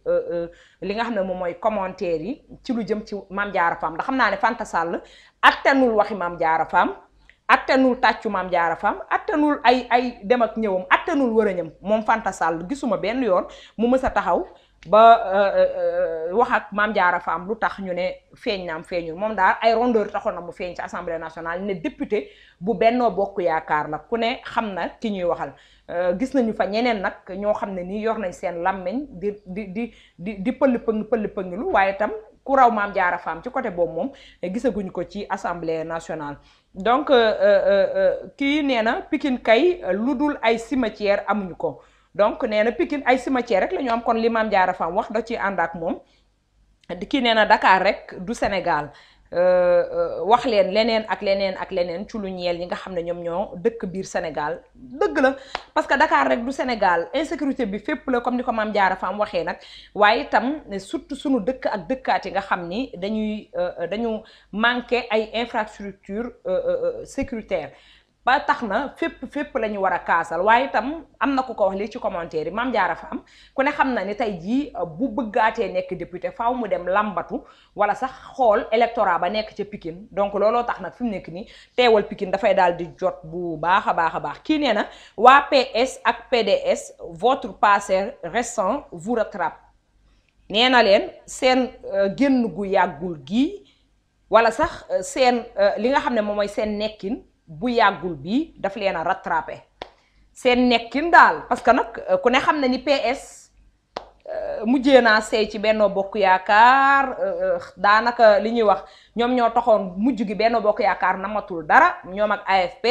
li nga xam ne moom mooy commentaire yi ci lu jëm ci Mame Diarra Fam ndax xam naa ne Fanta Sall attanul waxi Mame Diarra Fam attanul tàccu Mame Diarra Fam attenul ay ay dem ak ñëwam attanul wërëñam moom Fanta gisuma benn yoon mu mës a taxaw. ba euh, euh, wax ak maam jaara faam lu tax ñu ne feeñ naam feeñu moom daal ay rondeur taxoon na mu feeñ ci assemblée nationale ne député bu bennoo bokk yaakaar la ku ne xam na ki ñuy waxal euh, gis nañu fa ñeneen nag ñoo xam ne ni yor nañ seen làmmiñ di di di di di pëll pëng pëll waaye tam ku raw maam jaara faam ci côté boobu moom gisaguñu ko ci assemblée nationale donc ki nee na Pikine kay lu dul ay simatière amuñu ko donc nee na Pikine ay cimetière rek la ñu am kon li Mame Diarra Fam wax da ci ànd ak moom kii nee na Dakar rek du Sénégal euh, euh, wax leen leneen ak leneen ak leneen ci lu ñeel ñi nga xam ne ñoom ñoo dëkk biir Sénégal dëgg la parce que dakaar rek du Sénégal insécurité bi fépp la comme ni ko Mame Diarra Fam waxee nag waaye itam surtout suñu dëkk ak dëkkaat yi nga xam ni dañuy euh, dañu manqué ay infrastructure sécuritaire ba tax na fépp fépp la ñu war a kaasal waaye itam am na ku ko wax lii ci commentaire yi Mame Diarra am ku ne xam na ni tey jii euh, bu bëggaatee nekk député faw mu dem làmbatu wala sax xool électorat ba nekk ca Pikine donc looloo tax nag fi mu nekk nii teewal Pikine dafay daal di jot bu baax a baax a baax kii nee na waa PS ak PDS votre passé récent vous nee na leen seen euh, génn gu yàggul gii wala sax euh, seen li nga xam ne moom mooy seen nekkin. bu yàggul bii daf leen a rattrapé seen nekkin daal parce que nag euh, ku ne xam na ni PS euh, mujjee naa seey ci Benno Bokk Yaakaar euh, daanaka li ñuy wax ñoom ñoo taxoon mujj gi Benno Bokk Yaakaar namatul dara ñoom ak AFP.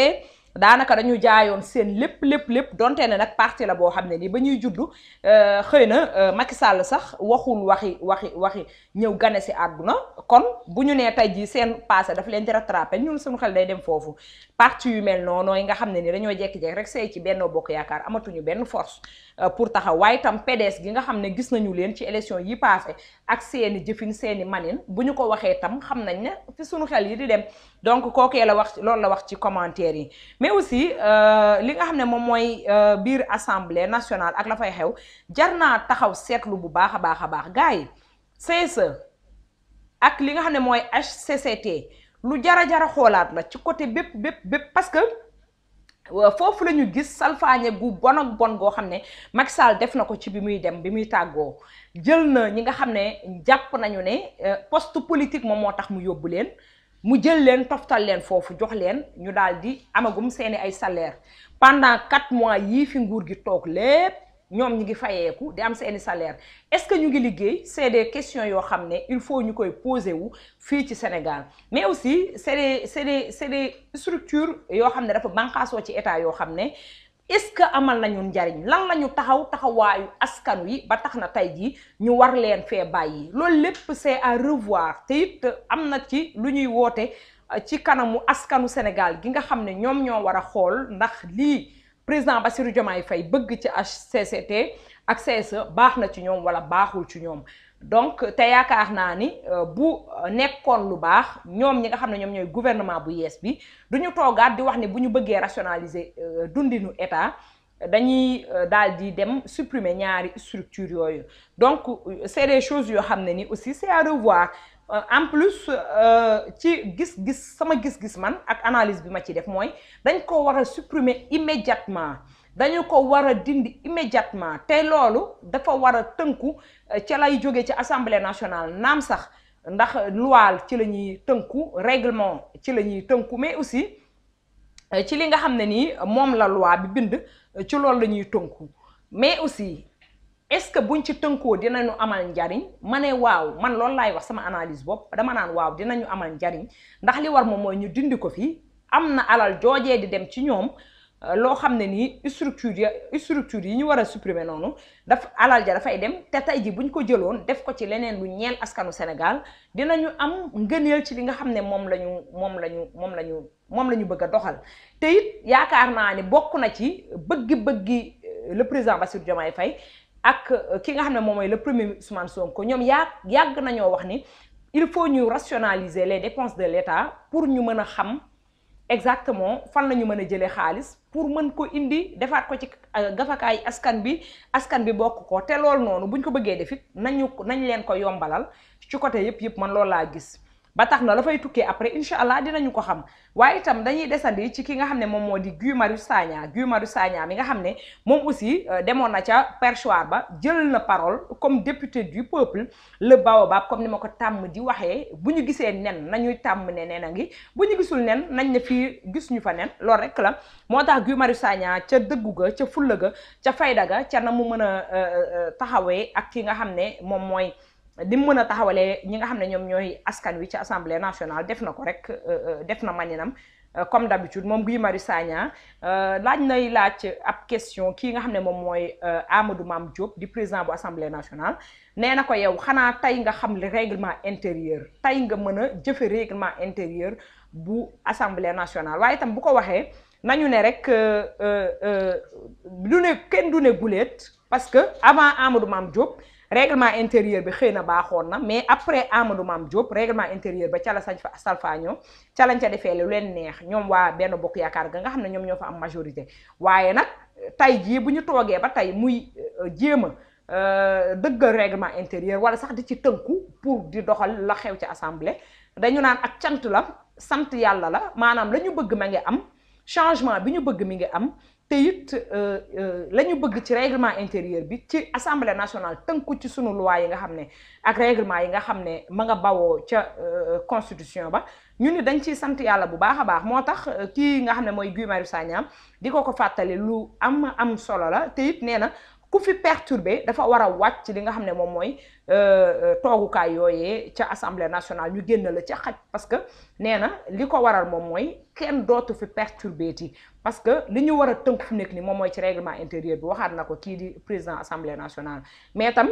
daanaka dañu jaayoon seen lépp lépp lépp donte ne nag parti la boo xam ne nii ba ñuy juddu euh, xëy na euh, Macky Sall sax waxul waxi waxi waxi ñëw gane si àdduna kon bu ñu nee tey jii seen passé daf leen di rattrapé ñun suñu xel day dem foofu parti yu mel noonu yi nga xam ne ni dañoo jékki-jékki rek sey ci Benno Bokk Yaakaar amatuñu benn force Euh, pour taxaw waaye itam pedes gi nga xam ne gis nañu leen ci élection yi passé ak seeni jëfin seeni manin bu ñu ko waxee tam xam nañ ne fi suñu xel yi di dem donc kookee la wax loolu la wax ci commentaire yi mais aussi euh, li nga xam ne moom mooy euh, biir assemblée nationale ak la fay xew jar naa taxaw seetlu bu baax a baax a baax gars yi CSE li nga xam ne mooy HCCT lu jara jara xoolaat la ci côté bépp bépp bépp parce que Euh, foofu la ñu gis salfaañe gu bon ak bon goo xam ne Macky Sall def na ko ci bi muy dem bi muy tàggoo jël na ñi nga xam ne jàpp nañu ne euh, poste politique moom moo tax mu yóbbu leen mu jël leen toftal leen foofu jox leen ñu daal di amagum seeni ay salaire pendant quatre mois yii fi nguur gi toog lépp ñoom ñi ngi fayeeku di am seeni salaire est-ce que ñu ngi liggéey c'est des questions yoo xam ne il faut ñu koy poser wu fii ci Sénégal mais aussi c'est des c'est des c'est yoo xam ne dafa banqaasoo ci état yoo xam ne est-ce que amal nañu njariñ lan la ñu taxaw taxawaayu askan wi ba tax na tey jii ñu war leen fee bàyyi loolu lépp c'est à revoir te it am na ci lu ñuy woote ci kanamu askanu Sénégal gi nga xam ne ñoom ñoo war a xool ndax lii président ba Bassirou Diomaye fay bëgg ci HCCT ak CSE baax na ci ñoom wala baaxul ci ñoom donc te yaakaar naa ni euh, bu euh, nekkoon lu baax ñoom ñi nga xam ne ñoom ñooy gouvernement bu yees bi du ñu toogaat di wax ne bu ñu bëggee rationaliser euh, dundinu état dañuy daal di dem supprimer ñaari structure yooyu donc c'est des choses yoo xam ne ni aussi c'est à revoir Euh, en plus euh, ci gis-gis sama gis-gis man ak analyse bi ma ci def mooy dañ ko war a supprimer immédiatement dañu ko war a dindi immédiatement te loolu dafa war a tënku euh, ca lay jóge ci assemblée nationale naam sax ndax loi ci la ñuy tënku règlement ci la ñuy tënku mais aussi ci li nga xam ne nii moom la loi bi bind ci loolu la ñuy tënku mais aussi est-ce que buñ ci tënkoo dinañu amal njariñ ma ne waaw man loolu laay wax sama analyse bopp dama naan waaw dinañu amal njariñ ndax li war moom mooy ñu dindi ko fii am na alal joojee di dem ci ñoom euh, loo xam ne nii structure structure yi ñu war a supprimer noonu daf alal ja dafay dem te tey ji buñ ko jëloon def ko ci leneen lu ñeel askanu Sénégal dinañu am ngëneel ci li nga xam ne moom la ñu moom la ñu moom la ñu moom la ñu bëgg a doxal te it yaakaar naa ni bokk na ci bëgg-bëggi euh, le président Bassirou Diomaye Faye ak euh, ki nga xam ne moom mooy la premier Ousmane Sonko ñoom yaa yàgg nañoo wax ni il faut ñu rationaliser les dépenses de l'État pour ñu mën a xam exactement fan la ñu mën a jëlee xaalis pour mën ko indi defaat ko ci euh, gafakaay askan bi askan bi bokk ko te loolu noonu buñ ko bëggee defit nañu nañ leen ko yombalal ci côté yëpp yëpp man loolu laa gis ba tax na la fay tukkee après incha allah dinañu ko xam waaye itam dañuy desandi ci ki nga xam ne moom moo di Guy Marius Sagna Guy Marius Sagna nga xam ne moom aussi euh, demoon na ca perchoir ba jël na parole comme député du peuple le baobab comme ni ma ko tàmm di waxee bu ñu gisee nen nañuy tàmm ne nen a ngi bu ñu gisul nen nañ ne fii gis fa nen loolu rek la moo tax Guy Marius Sagna ca dëggu ca fulla ca fayda ga ca na mu mën a euh, euh, taxawee ak ki nga xam ne moom mooy di mën a taxawalee ñi nga xam ne ñoom ñooy askan wi ci assemblée nationale def na ko rek euh, euh, def na maninam euh, comme d'habitude moom Guy Marius Sagna laaj nay laaj ab question kii nga xam ne moom mooy Amadou Mame di président bu assemblée nationale nee na ko yow xanaa tey nga xam li règlement intérieur tey nga mën a jëfe intérieur bu assemblée nationale waaye itam bu ko waxee nañu ne rek du ne kenn du ne guléet parce que avant Amadou Mame Diop règlement intérieur bi xëy na baaxoon na mais après Amadou Mame Diop règlement intérieur ba cala sañ fa salfaañoo ca lañ ca defee lu leen neex ñoom waa benn bokk yaakaar ga nga xam ne ñoom ñoo fa am majorité waaye nag tey jii bu ñu toogee ba tey muy euh, jéem a euh, dëggal règlement intérieur wala sax di ci tënku pour di doxal la xew ci assemblée dañu naan ak cant la sant yàlla la maanaam la bëgg ma ngi am changement bi ñu bëgg mi ngi am te it euh, euh, la ñu bëgg ci réglement intérieur bi ci assemblée nationale ko ci sunu loi yi nga xam ne ak règlement yi nga xam ne ma nga bawoo ca euh, constitution ba ñu ni dañ ciy sant yàlla bu baax a baax moo tax kii nga xam ne mooy Guy Marius Sagna di ko ko fàttali lu am am solo la te it nee na ku fi perturbé dafa war a wàcc ci li nga xam ne moom mooy euh, euh, toogukaay yooyee ca assemblée nationale ñu génn la ca xaj parce que nee na li ko waral moom mooy kenn dootu fi perturbé ti parce que li ñu war a tënk fu nekk nii moom mooy ci règlement intérieur bi waxaat na ko kii di président assemblée nationale mais tam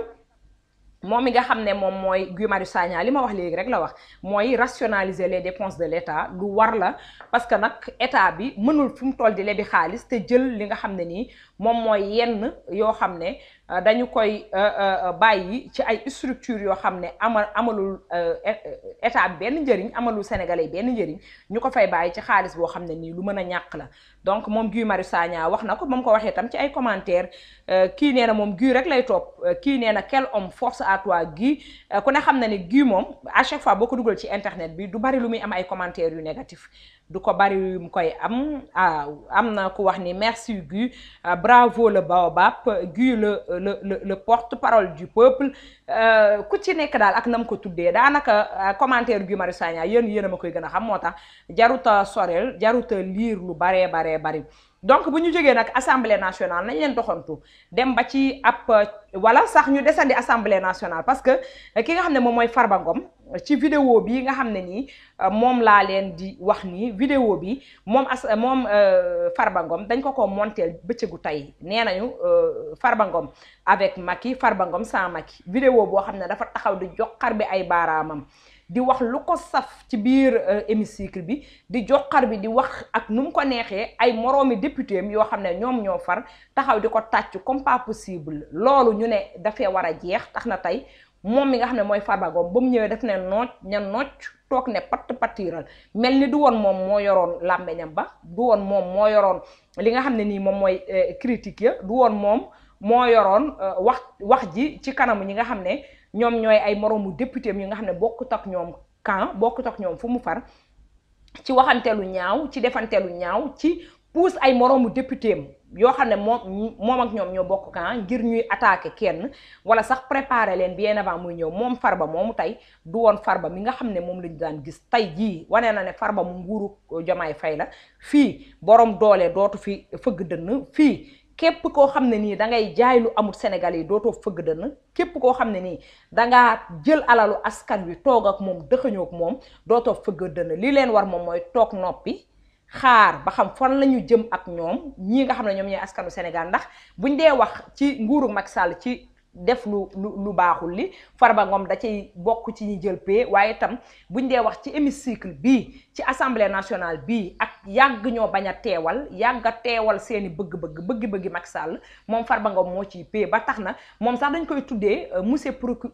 moom mi nga xam ne moom mooy Guy Marius Sagna li ma wax léegi rek la wax mooy rationaliser les dépenses de l' état war la parce que nag état bi mënul fu mu toll di lebi xaalis te jël li nga xam ne nii moom mooy yenn yoo xam ne Euh, dañu koy euh, euh, bàyyi ci ay structure yoo xam ne amal amalul état benn njëriñ amalul sénégalais benn njëriñ ñu ko fay bàyyi ci xaalis boo xam ne nii lu mën a ñàkk la donc moom Guy Marius Sagna wax na ko ba mu ko waxee tam ci ay commentaire kii nee na moom Guy rek lay topp kii nee na quel homme force à toi Guy ku ne xam na ne Guy moom à chaque fois boo ko dugal ci internet bi du bari lu muy am ay commentaires yu négatif du ko bari mu koy am ah, am na ku wax ni merci Guy ah, bravo le baobab Guy le le le porte-parole du peuple euh, ku ci nekk daal ak na mu ko tuddee daanaka ah, commentaire Guy Marius Sagna yéen yéen a koy gën a xam moo tax jaruta sorel jaruta liir lu baree baree bari donc bu ñu jógee nag assemblée nationale nañ leen doxantu dem ba ci ab euh, wala sax ñu desandi assemblée nationale parce que euh, ki nga xam ne moom mooy Farba euh, ci vidéo bi nga xam ne nii moom laa leen di wax nii vidéo bi moom as moom Farba Ngom dañ ko ko monteel bëccëgu tey nee nañu Farba Ngom avec Macky Farba Ngom sans Macky boo xam ne dafa taxaw di jox xar bi ay baaraamam di wax lu ko saf ci biir euh, hémicycle bi di joxar bi di wax ak nu mu ko neexee ay moroomi député yoo xam ne ñoom ñoo far taxaw di ko tàcc comme pas possible loolu ñu ne dafee war a jeex tax na tey moom mi nga xam ne mooy Farba Ngom ba mu ñëwee daf ne nooj ña nooj toog ne patt pattiral mel ni du woon moom moo yoroon làmmeñam ba du woon moom moo yoroon li nga xam ne nii moom mooy euh, critique ya du woon moom moo yoroon euh, wax wax ji ci kanamu ñi nga xam ne ñoom ñooy ay moroomu député yi nga xam ne bokkut ak ñoom camp bokkut ak ñoom fu mu far ci waxanteelu ñaaw ci lu ñaaw ci pousse ay moroomu député am yoo xam ne moom moom ak ñoom ñoo bokk camp ngir ñuy attaquer kenn wala sax préparer leen bien avant muy ñëw moom far ba moomu tey du woon far ba mi nga xam ne moom lañu daan gis tey jii wane na ne far ba mu nguuru Jomaay Fay la fii borom doolee dootu fi fëgg dënn fii képp koo xam ne nii dangay jaay lu amul Sénégal yi dootoo fëgg dënn képp koo xam ne nii dangaa jël alalu askan wi toog ak moom dëxëñook moom dootoo fëgg dënn lii leen war moom mooy toog noppi xaar ba xam fan lañu jëm ak ñoom ñii nga xam ne ñoom ñooy askanu Sénégal ndax buñ dee wax ci nguuru mag sàll ci def lu lu lu baaxul li Farba Ngom da cay bokk ci ñi jël pee waaye itam buñ dee wax ci hémicycle bii ci assemblée nationale bi ak yàgg ñoo bañ a teewal yàgg teewal seeni bëgg-bëgg bëgg-bëggi Macky Sall moom Farba Ngom moo ci pay ba tax na moom sax dañ koy tuddee euh, monsieur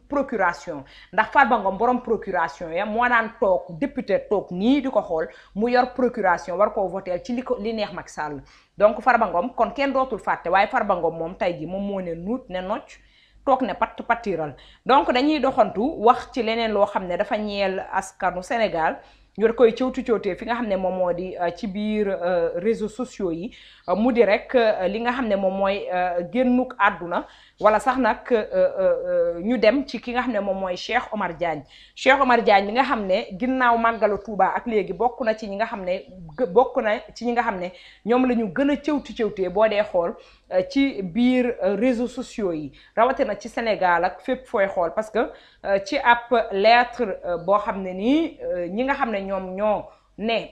procuration ndax Farba Ngom borom procuration ya moo daan toog député toog nii di ko xool mu yor procuration war ko votel ci li ko li neex mag Sall donc Farba ngoom kon kenn dootul fàtte waaye Farba Ngom moom tey ji moom moo ne nuut ne nocc toog ne patt pattiral donc dañuy doxantu wax ci leneen loo xam ne dafa ñeel askanu Sénégal ñu da koy cëwtu cëwtee fi nga xam ne moom moo di euh, ci biir euh, réseaux sociaux yi euh, mu di rek li nga xam ne moom mooy génnuk àdduna wala sax nag euh, euh, euh, ñu dem ci ki nga xam ne moom mooy Cheikh Omar Diagne Cheikh Omar Diagne mi nga xam ne ginnaaw màggalu Touba ak léegi bokk na ci ñi nga xam ne bokk na ci ñi nga xam ne ñoom la ñu gën a cëwti cëwtee boo dee xool ci biir réseaux sociaux yi rawatina ci Sénégal ak fépp fooy xool parce que ci ab lettre boo xam ne nii ñi nga xam ne ñoom ñoo ne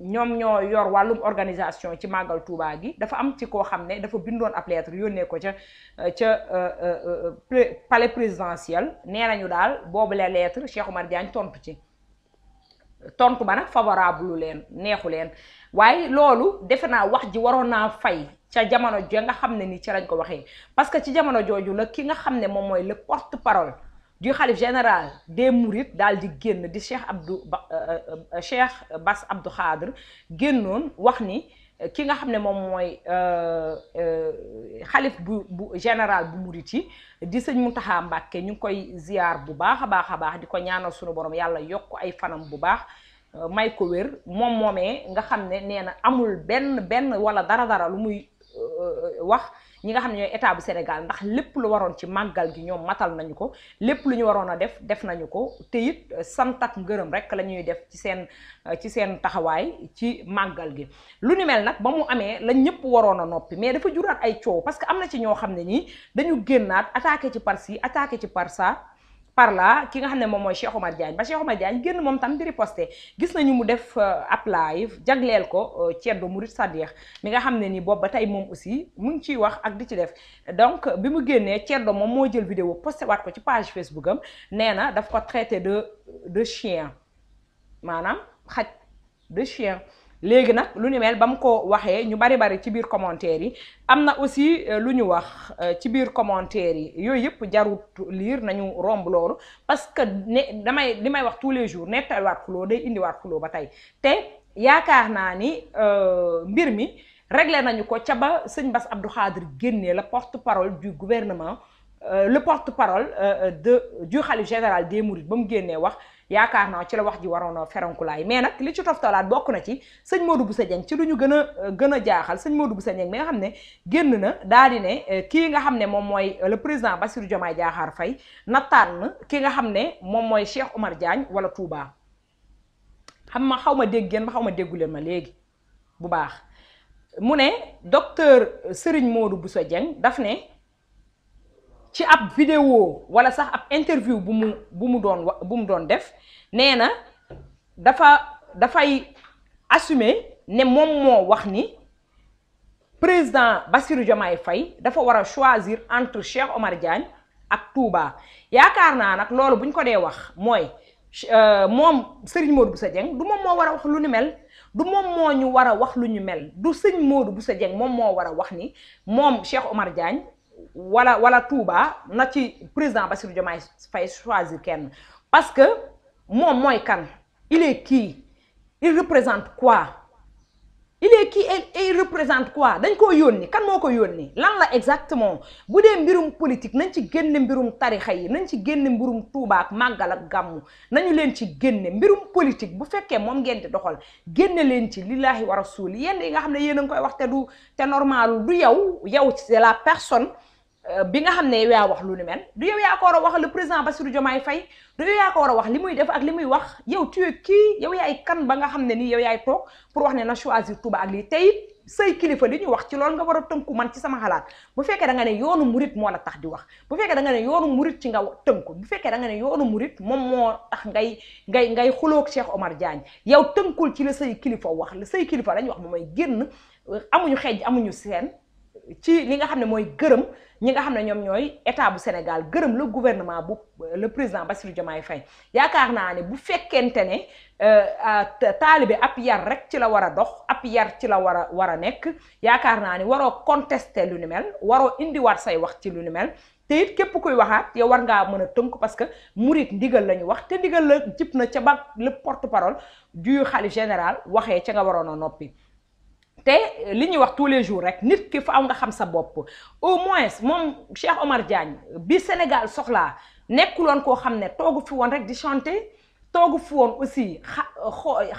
ñoom ñoo yor wàllum organisation ci màggal tuubaa gi dafa am ci koo xam ne dafa bindoon ab lettre yónnee ko ca euh, ca euh, euh, palais présidentiel nee nañu daal boobu la lettre Cheikh Oumar Diagne tontu ci tontu ba nag favorable lu leen neexu leen waaye loolu defe naa wax ji waroon naa fay ca jamono ja nga xam ne ni ci lañ ko waxee parce que ci jamono jooju la ki nga xam ne moom mooy le porte parole. di xalif général des Mourides daal di génn di Cheikh Abdou ba euh, euh, euh, Cheikh Bass Abdou Khadre génnoon wax ni ki nga xam ne moom mooy xalif bu bu général bu Mouride yi di sëñ taxa Mbacké ñu ngi koy ziar bu baax a baax a baax di ko ñaanal suñu borom yàlla yokk ay fanam bu baax. may ko wér moom moomee nga xam ne nee na amul benn benn wala dara dara lu muy wax. ñi nga xam ne ñooy état bu Sénégal ndax lépp lu waroon ci màggal gi ñoom matal nañu ko lépp lu ñu waroon a def def nañu ko te it sant ak ngërëm rek la ñuy def ci seen ci seen taxawaay ci màggal gi lu ni mel nag ba mu amee la ñëpp waroon a noppi mais dafa juraat ay coow parce que am na ci ñoo xam ne nii dañu génnaat attaqué ci par ci attaqué ci par ça par là ki nga xam ne moom mooy Cheikh Omar Diagne ba Cheikh Omar Diagne génn moom tam di riposté gis nañu mu def euh, ab live jagleel ko euh, Thierno Mouride Sadikh mi nga xam ne nii boob ba tey moom aussi mu ngi ciy wax ak di ci def donc bi mu génnee Thierno moom moo jël vidéo posté waat ko ci page Facebook am nee na daf ko traité de de chien maanaam xaj de chien léegi nag lu ni mel ba mu ko waxee ñu bari bari ci biir commentaire yi am na aussi euh, lu ñu wax euh, ci biir commentaire yi yooyu yëpp jarut liir nañu romb loolu parce que ne damay li may wax tous les jours nettaliwaat xuloo day indiwaat xuloo ba tey te yaakaar naa ni euh, mbir mi réglé nañu ko ca ba sëñ Bass Abdou Khadre génnee la porte-parole du gouvernement le porte-parole de du khalife général des mourides ba mu génnee wax yaakaar naa ci la wax ji waroon ferankulaay mais nag li ci toftalaat bokk na ci sëñ Modou Bousso Dieng ci lu ñu gën a euh, gën a jaaxal sëñ Modou Bousso Dieng mi nga xam ne génn na daal di ne euh, kii nga xam ne moom mooy euh, le président Bassirou Diomaye Diakhar Faye na tànn ki nga xam ne moom mooy Cheikh Oumar Diagne wala Touba xam ma xaw ma dégg ngeen ma xaw ma déggu leen ma léegi bu baax mu ne docteur Serigne Modou sa Dieng daf ne ci ab vidéo wala sax ab interview bu mu bu mu doon wa bu mu doon def nee na dafa dafay assumer ne moom moo wax ni président Bassirou Diomaye fay dafa war a choisir entre Cheikh Omar Diagne ak Touba yaakaar naa nag loolu bu ko dee wax mooy euh, moom Serigne Modou Boussa Dieng du moom moo war a wax lu ni mel du moom moo ñu war a wax lu ñu mel du sëñ Modou Boussa moom moo war a wax ni moom Cheikh Omar Diagne wala wala Touba na ci président Bassirou Diomaye Faye choisir kenn parce que moom mooy kan il est qui il représente quoi il est qui dañ koo yónni kan moo ko yónni lan la exactement bu dee mbirum politique nañ ci génne mbirum tarixa yi nañ ci génne mbirum Touba ak màggal ak gàmmu nañu leen ci génne mbirum politique bu fekkee moom ngeen di doxal génne leen ci lillaahi wa rasul yenn yi nga xam ne yéen a koy wax te du te normal du yow yow c'est la personne Euh, bi nga xam ne yow yaa wax lu ni mel du yow yaa ko war a wax le président Bassirou Diomaye Faye du yow war a wax li muy def ak li muy wax yow tu kii yow yaay kan ba nga xam ne nii yow yaay toog pour wax ne na choisir Touba ak lii tey say kilifa li ñu wax ci loolu nga war a tënku man ci sama xalaat bu fekkee danga nga ne yoonu murit moo la tax di bu fekkee da nga ne yoonu murit ci nga tënku bu fekkee da ne yoonu murit moom moo tax ngay ngay ngay xuloog Cheikh Omar Diagne yow tënkul ci la say kilifa wax la say kilifa lañ wax moom mooy génn amuñu xeej amuñu seen ci li nga xam ne mooy gërëm ñi nga xam ne ñoom ñooy état bu Sénégal gërëm la gouvernement bu le président Bassirou Diomaye fay yaakaar naa ne bu fekkente ne euh, taalibe ab yar rek ci la war a dox ab yar ci la war a war a nekk yaakaar naa ne waroo contester lu ni mel waroo indiwaat say wax ci lu ni mel te it képp kuy waxaat yow war ngaa mën a tënk parce que murit ndigal la ñu wax te ndigal la jip na ca ba le porte parole du xalif général waxee ca nga waroon a noppi. te li ñuy wax tous les jours rek nit ki fa aw nga xam sa bopp au moins moom Cheikh Omar Diagne bi Sénégal soxlaa nekkuloon koo xam ne toogu fi woon rek di chanter toogu fi woon aussi xa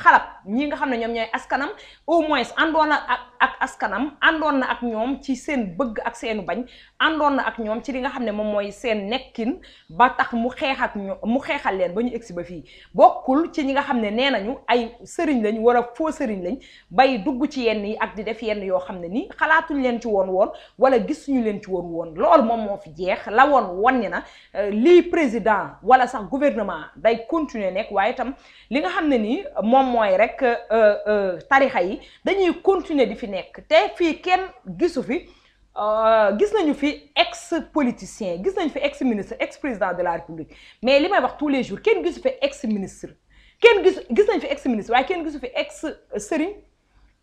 xalab ñi nga xam ne ñoom ñooy askanam au moins àndoon ak ak askanam àndoon na ak ñoom ci seen bëgg ak seenu bañ àndoon na ak ñoom ci li nga xam ne moom mooy seen nekkin ba mu xeex ak mu xeexal leen ba ñu egsi ba fii bokkul ci ñi nga xam ne nee nañu ay sëriñ lañ wala faux sëriñ lañ bay dugg ci yenn yi ak di def yenn yoo xam ne nii xalaatuñ leen ci woon woon wala gisuñu leen ci woon woon loolu moom moo fi jeex la woon wonni na euh, lii président wala sax gouvernement day continuer nekk waaye itam li nga xam ne nii moom mooy rek euh, euh, tarixa yi dañuy continuer di fi nekk te fii kenn gisu fi euh, gis nañu fi ex politicien gis nañu fi ex ministre ex président de la république mais li may wax tous les jours kenn gisu fi ex ministre kenn gis gis fi ex ministre waaye kenn fi ex sëriñ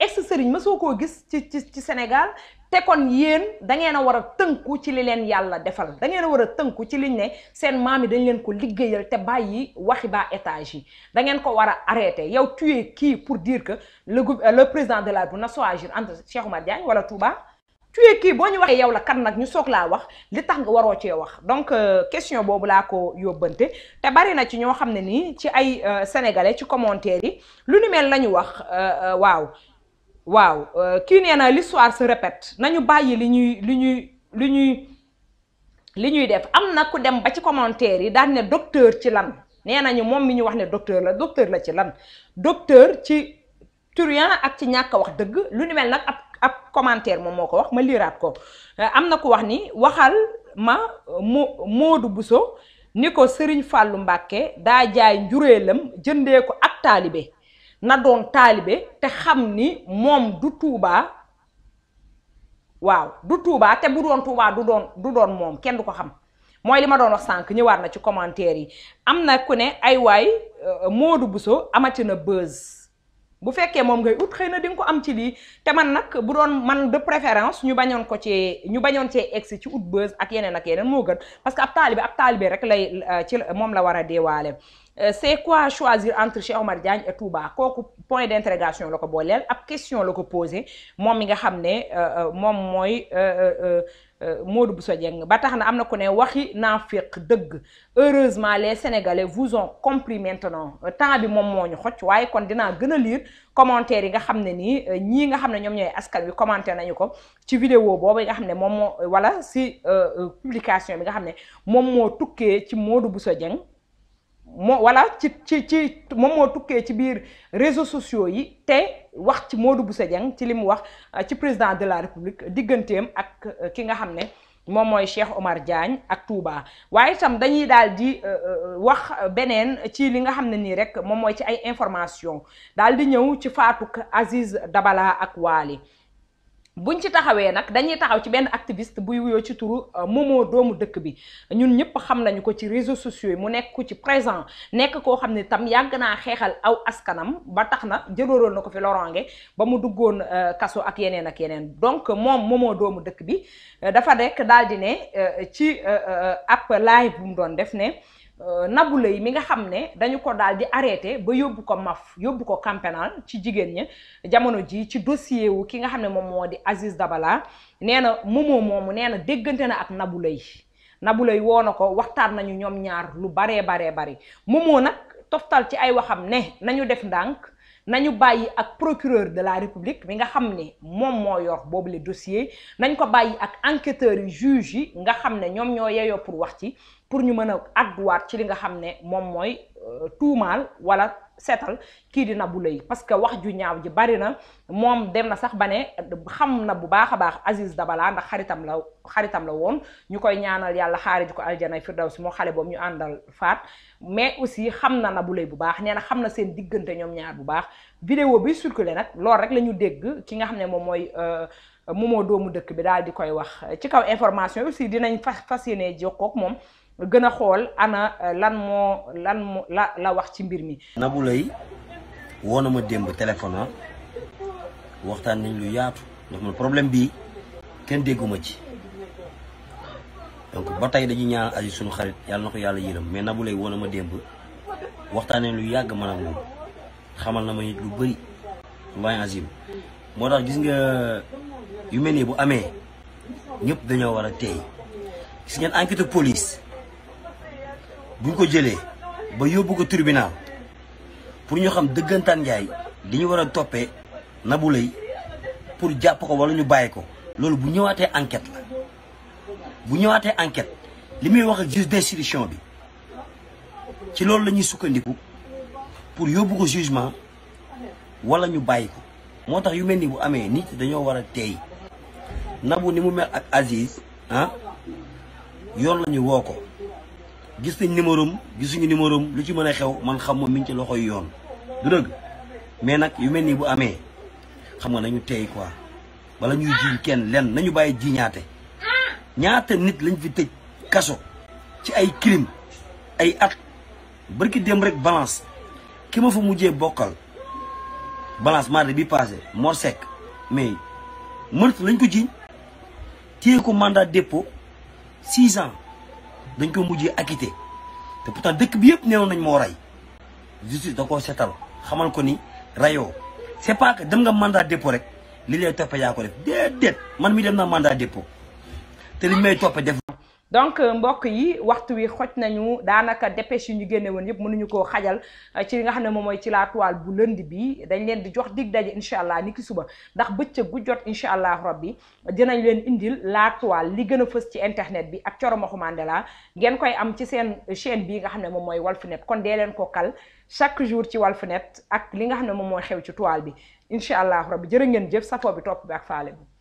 ex sëriñ ma soo koo gis ci ci ci Sénégal te kon yéen da ngeen a war a tënku ci li leen yàlla defal da a war a tënku ci liñ ne seen maam yi dañu leen ko liggéeyal te bàyyi waxi baa étage yi da ngeen ko war a arrêté yow tuye kii pour dire que le euh, le président de la République na soo agir entre Cheikh Oumar wala Touba. tuye kii boo ñu waxee yow la kan nag ñu soog laa wax li tax nga waroo cee wax donc euh, question boobu laa ko yóbbante te bari na ci ñoo xam ne nii ci ay euh, sénégalais ci commentaire yi lu ni mel la ñu wax waaw. waaw euh, kii nee na l'histoire se répète nañu bàyyi li ñuy li ñuy li ñuy li ñuy def am na ku dem ba ci commentaire yi daan ne docteur ci lan nee nañu moom mi ñu wax ne docteur la docteur la ci lan docteur ci turian ak ci ñàkk wax dëgg lu ni mel nag ab ab commentaire moom moo ko wax ma liiraat ko euh, am na ku wax ni waxal ma euh, mo Modou Bousso ni ko Serigne fàllu Mbacké daa jaay njureelam jëndee ko ak taalibe na doon taalibe te xam ni moom du tuubaa waaw du tuubaa te bu doon tuubaa du doon du moom kenn du ko xam mooy li ma doon wax sànq ñëwaat na ci commentaire yi am na ku ne ay waay euh, Modou buso amati na buzz bu fekkee moom ngay ut xëy na di nga ko am ci lii te man nag bu doon man de préférence ñu bañoon ko ci ñu bañoon cee egsi ci ut buzz ak yeneen ak yeneen moo gën parce que ab taalibe ab taalibe rek lay euh, ci moom la war a deewaale euh, c'est quoi choisir entre Cheikh Omar Diagne et Touba kooku point d'interrogation la ko booleel ab question la ko posé moom mi nga xam ne euh, moom mooy bu euh, sa Dieng ba tax na am na ko ne waxi féq dëgg heureusement les sénégalais vous ont euh, temps bi moom moo ñu xoj waaye kon dinaa gën a liir commentaire yi nga xam ne nii euh, ñii nga xam ne ñoom ñooy askan wi commenté nañu ko ci vidéo boobu nga xam ne moom moo wala si publication bi nga xam ne moom moo tukkee ci bu sa Dieng moo voilà ci ci ci moom moo tukkee ci biir réseaux sociaux yi te wax ci Modou Bousso Dieng ci li mu wax euh, ci président de la République digganteem ak euh, ki nga xam ne moom mooy Cheikh Omar Diagne ak Touba waaye itam dañuy daal di euh, wax beneen ci li nga xam ne nii rek moom mooy ci ay information daal di ñëw ci faatuk Aziz Dabala ak Waly buñ ci taxawee nag dañuy taxaw ci benn activiste buy wuyoo ci turu euh, moomoo doomu dëkk bi ñun ñëpp xam nañu ko ci réseaux sociaux yi mu nekk ku ci présent nekk koo xam ne tam yàgg naa xeexal aw askanam ba tax na jëlooroon na ko fi lorange ba mu duggoon euh, kaso ak yeneen ak yeneen donc moom Momo doomu dëkk bi euh, dafa rek daal di ne ci ab live bu mu doon def ne Euh, Nabou yi mi nga xam ne dañu ko daal di arrêté ba yóbbu ko maf yóbbu ko camp ci jigéen ñi jamono ji ci dossier wu ki nga xam ne moom moo di Aziz Dabala nee na moomoo moomu nee na déggante na ak Nabou yi Nabou yi woo na ko waxtaan nañu ñoom ñaar lu baree baree bari moomoo nag toftal ci ay waxam ne nañu def ndànk nañu bàyyi ak procureur de la république mi nga xam ne moom moo yor boobu le dossier nañ ko bàyyi ak enquêteurs yi juge yi nga xam ne ñoom ñoo yeyoo pour wax ci pour ñu mën a àdduwaat ci li nga xam ne moom mooy euh, tuumaal wala seetal kii di Nabou Leye parce que wax ju ñaaw ji bari na moom dem na sax ba ne xam na bu baax a baax Aziz Dabala ndax xaritam la xaritam la woon ñu koy ñaanal yàlla xaariji ko aljana firdawsi moo xale boobu ñu àndal faat mais aussi xam na Nabou Leye bu baax nee na xam na seen diggante ñoom ñaar bu baax vidéo bi circulé nag loolu rek la ñu dégg ki nga xam ne moom mooy euh, moomoo doomu dëkk bi daal di koy wax ci kaw information yi aussi dinañ fas fas yéene jokkook moom gën a xool ana euh, lan moo lan moo la wax ci mbir mi. Nabou Leye woo na ma démb téléphone ah, waxtaan nañ lu yaatu ndax man problème bi kenn dégguma ci donc ba tey dañuy ñaan aji suñu xarit yàlla na ko yàlla yërëm mais Nabou Leye woo na ma démb waxtaan nañ lu yàgg maanaam moom xamal na ma nit lu bari waaye azim moo tax gis nga yu mel nii bu amee ñëpp dañoo war a teey gis ngeen enquête police. buñ ko jëlee ba yóbbu ko tribunal pour ñu xam dëggantaan njaay li ñu war a toppee nabu lay pour jàpp ko wala ñu bàyyi ko. loolu bu ñëwaatee enquête la bu ñëwaatee enquête li muy wax ak juge d'instruction bi ci loolu lañuy sukkandiku pour yóbbu ko jugement wala ñu bàyyi ko. moo tax yu mel ni bu amee nit dañoo war a teey Nabou ni mu mel ak Aziz ah yoon lañu woo ko. gis nañ numéro gisuñu numéro lu ci mën a xew man xam moom mi ngi ci loxoy yoon du dëgg mais nag yu mel nii bu amee xam nga nañu teey quoi wala ñuy jiiñ kenn lenn nañu bàyyi jiiñaate ñaata nit lañ fi tëj kaso ci ay crime ay at barki dem rek balance ki ma fa mujjee bokkal balance mardi bi passé moo Seck mais meurtre lañ ko jiiñ téye ko mandat dépôt six dañ ko mujjee acquitté te pourtant dëkk bi yëpp neewoon nañ moo rey justice da ko seetal xamal ko ni rayoo c'est pas que dem nga mandat dépôt rek li lay toppee yaa ko def déedéet man mi dem naa mandat dépôt te li may toppee def donc euh, mbokk yi waxtu wi xoj nañu daanaka dépêche yi ñu génne woon yëpp mënuñu koo xajal euh, ci li nga xam ne moom mooy ci la toile bu lënd bi dañ leen di jox dig daje incha allah ni ki suba ndax bëccëg gu jot incha allah bi dinañ leen indil la toile li gën a fës ci internet bi ak xumande Mandela ngeen koy am ci seen chaine bi nga xam ne moom mooy Walfnet kon dee leen ko kal chaque jour ci Walfnet ak li nga xam ne moom mooy xew ci toile bi incha allah rabbi jërë ngeen jëf safoo bi topp bi ak faale bi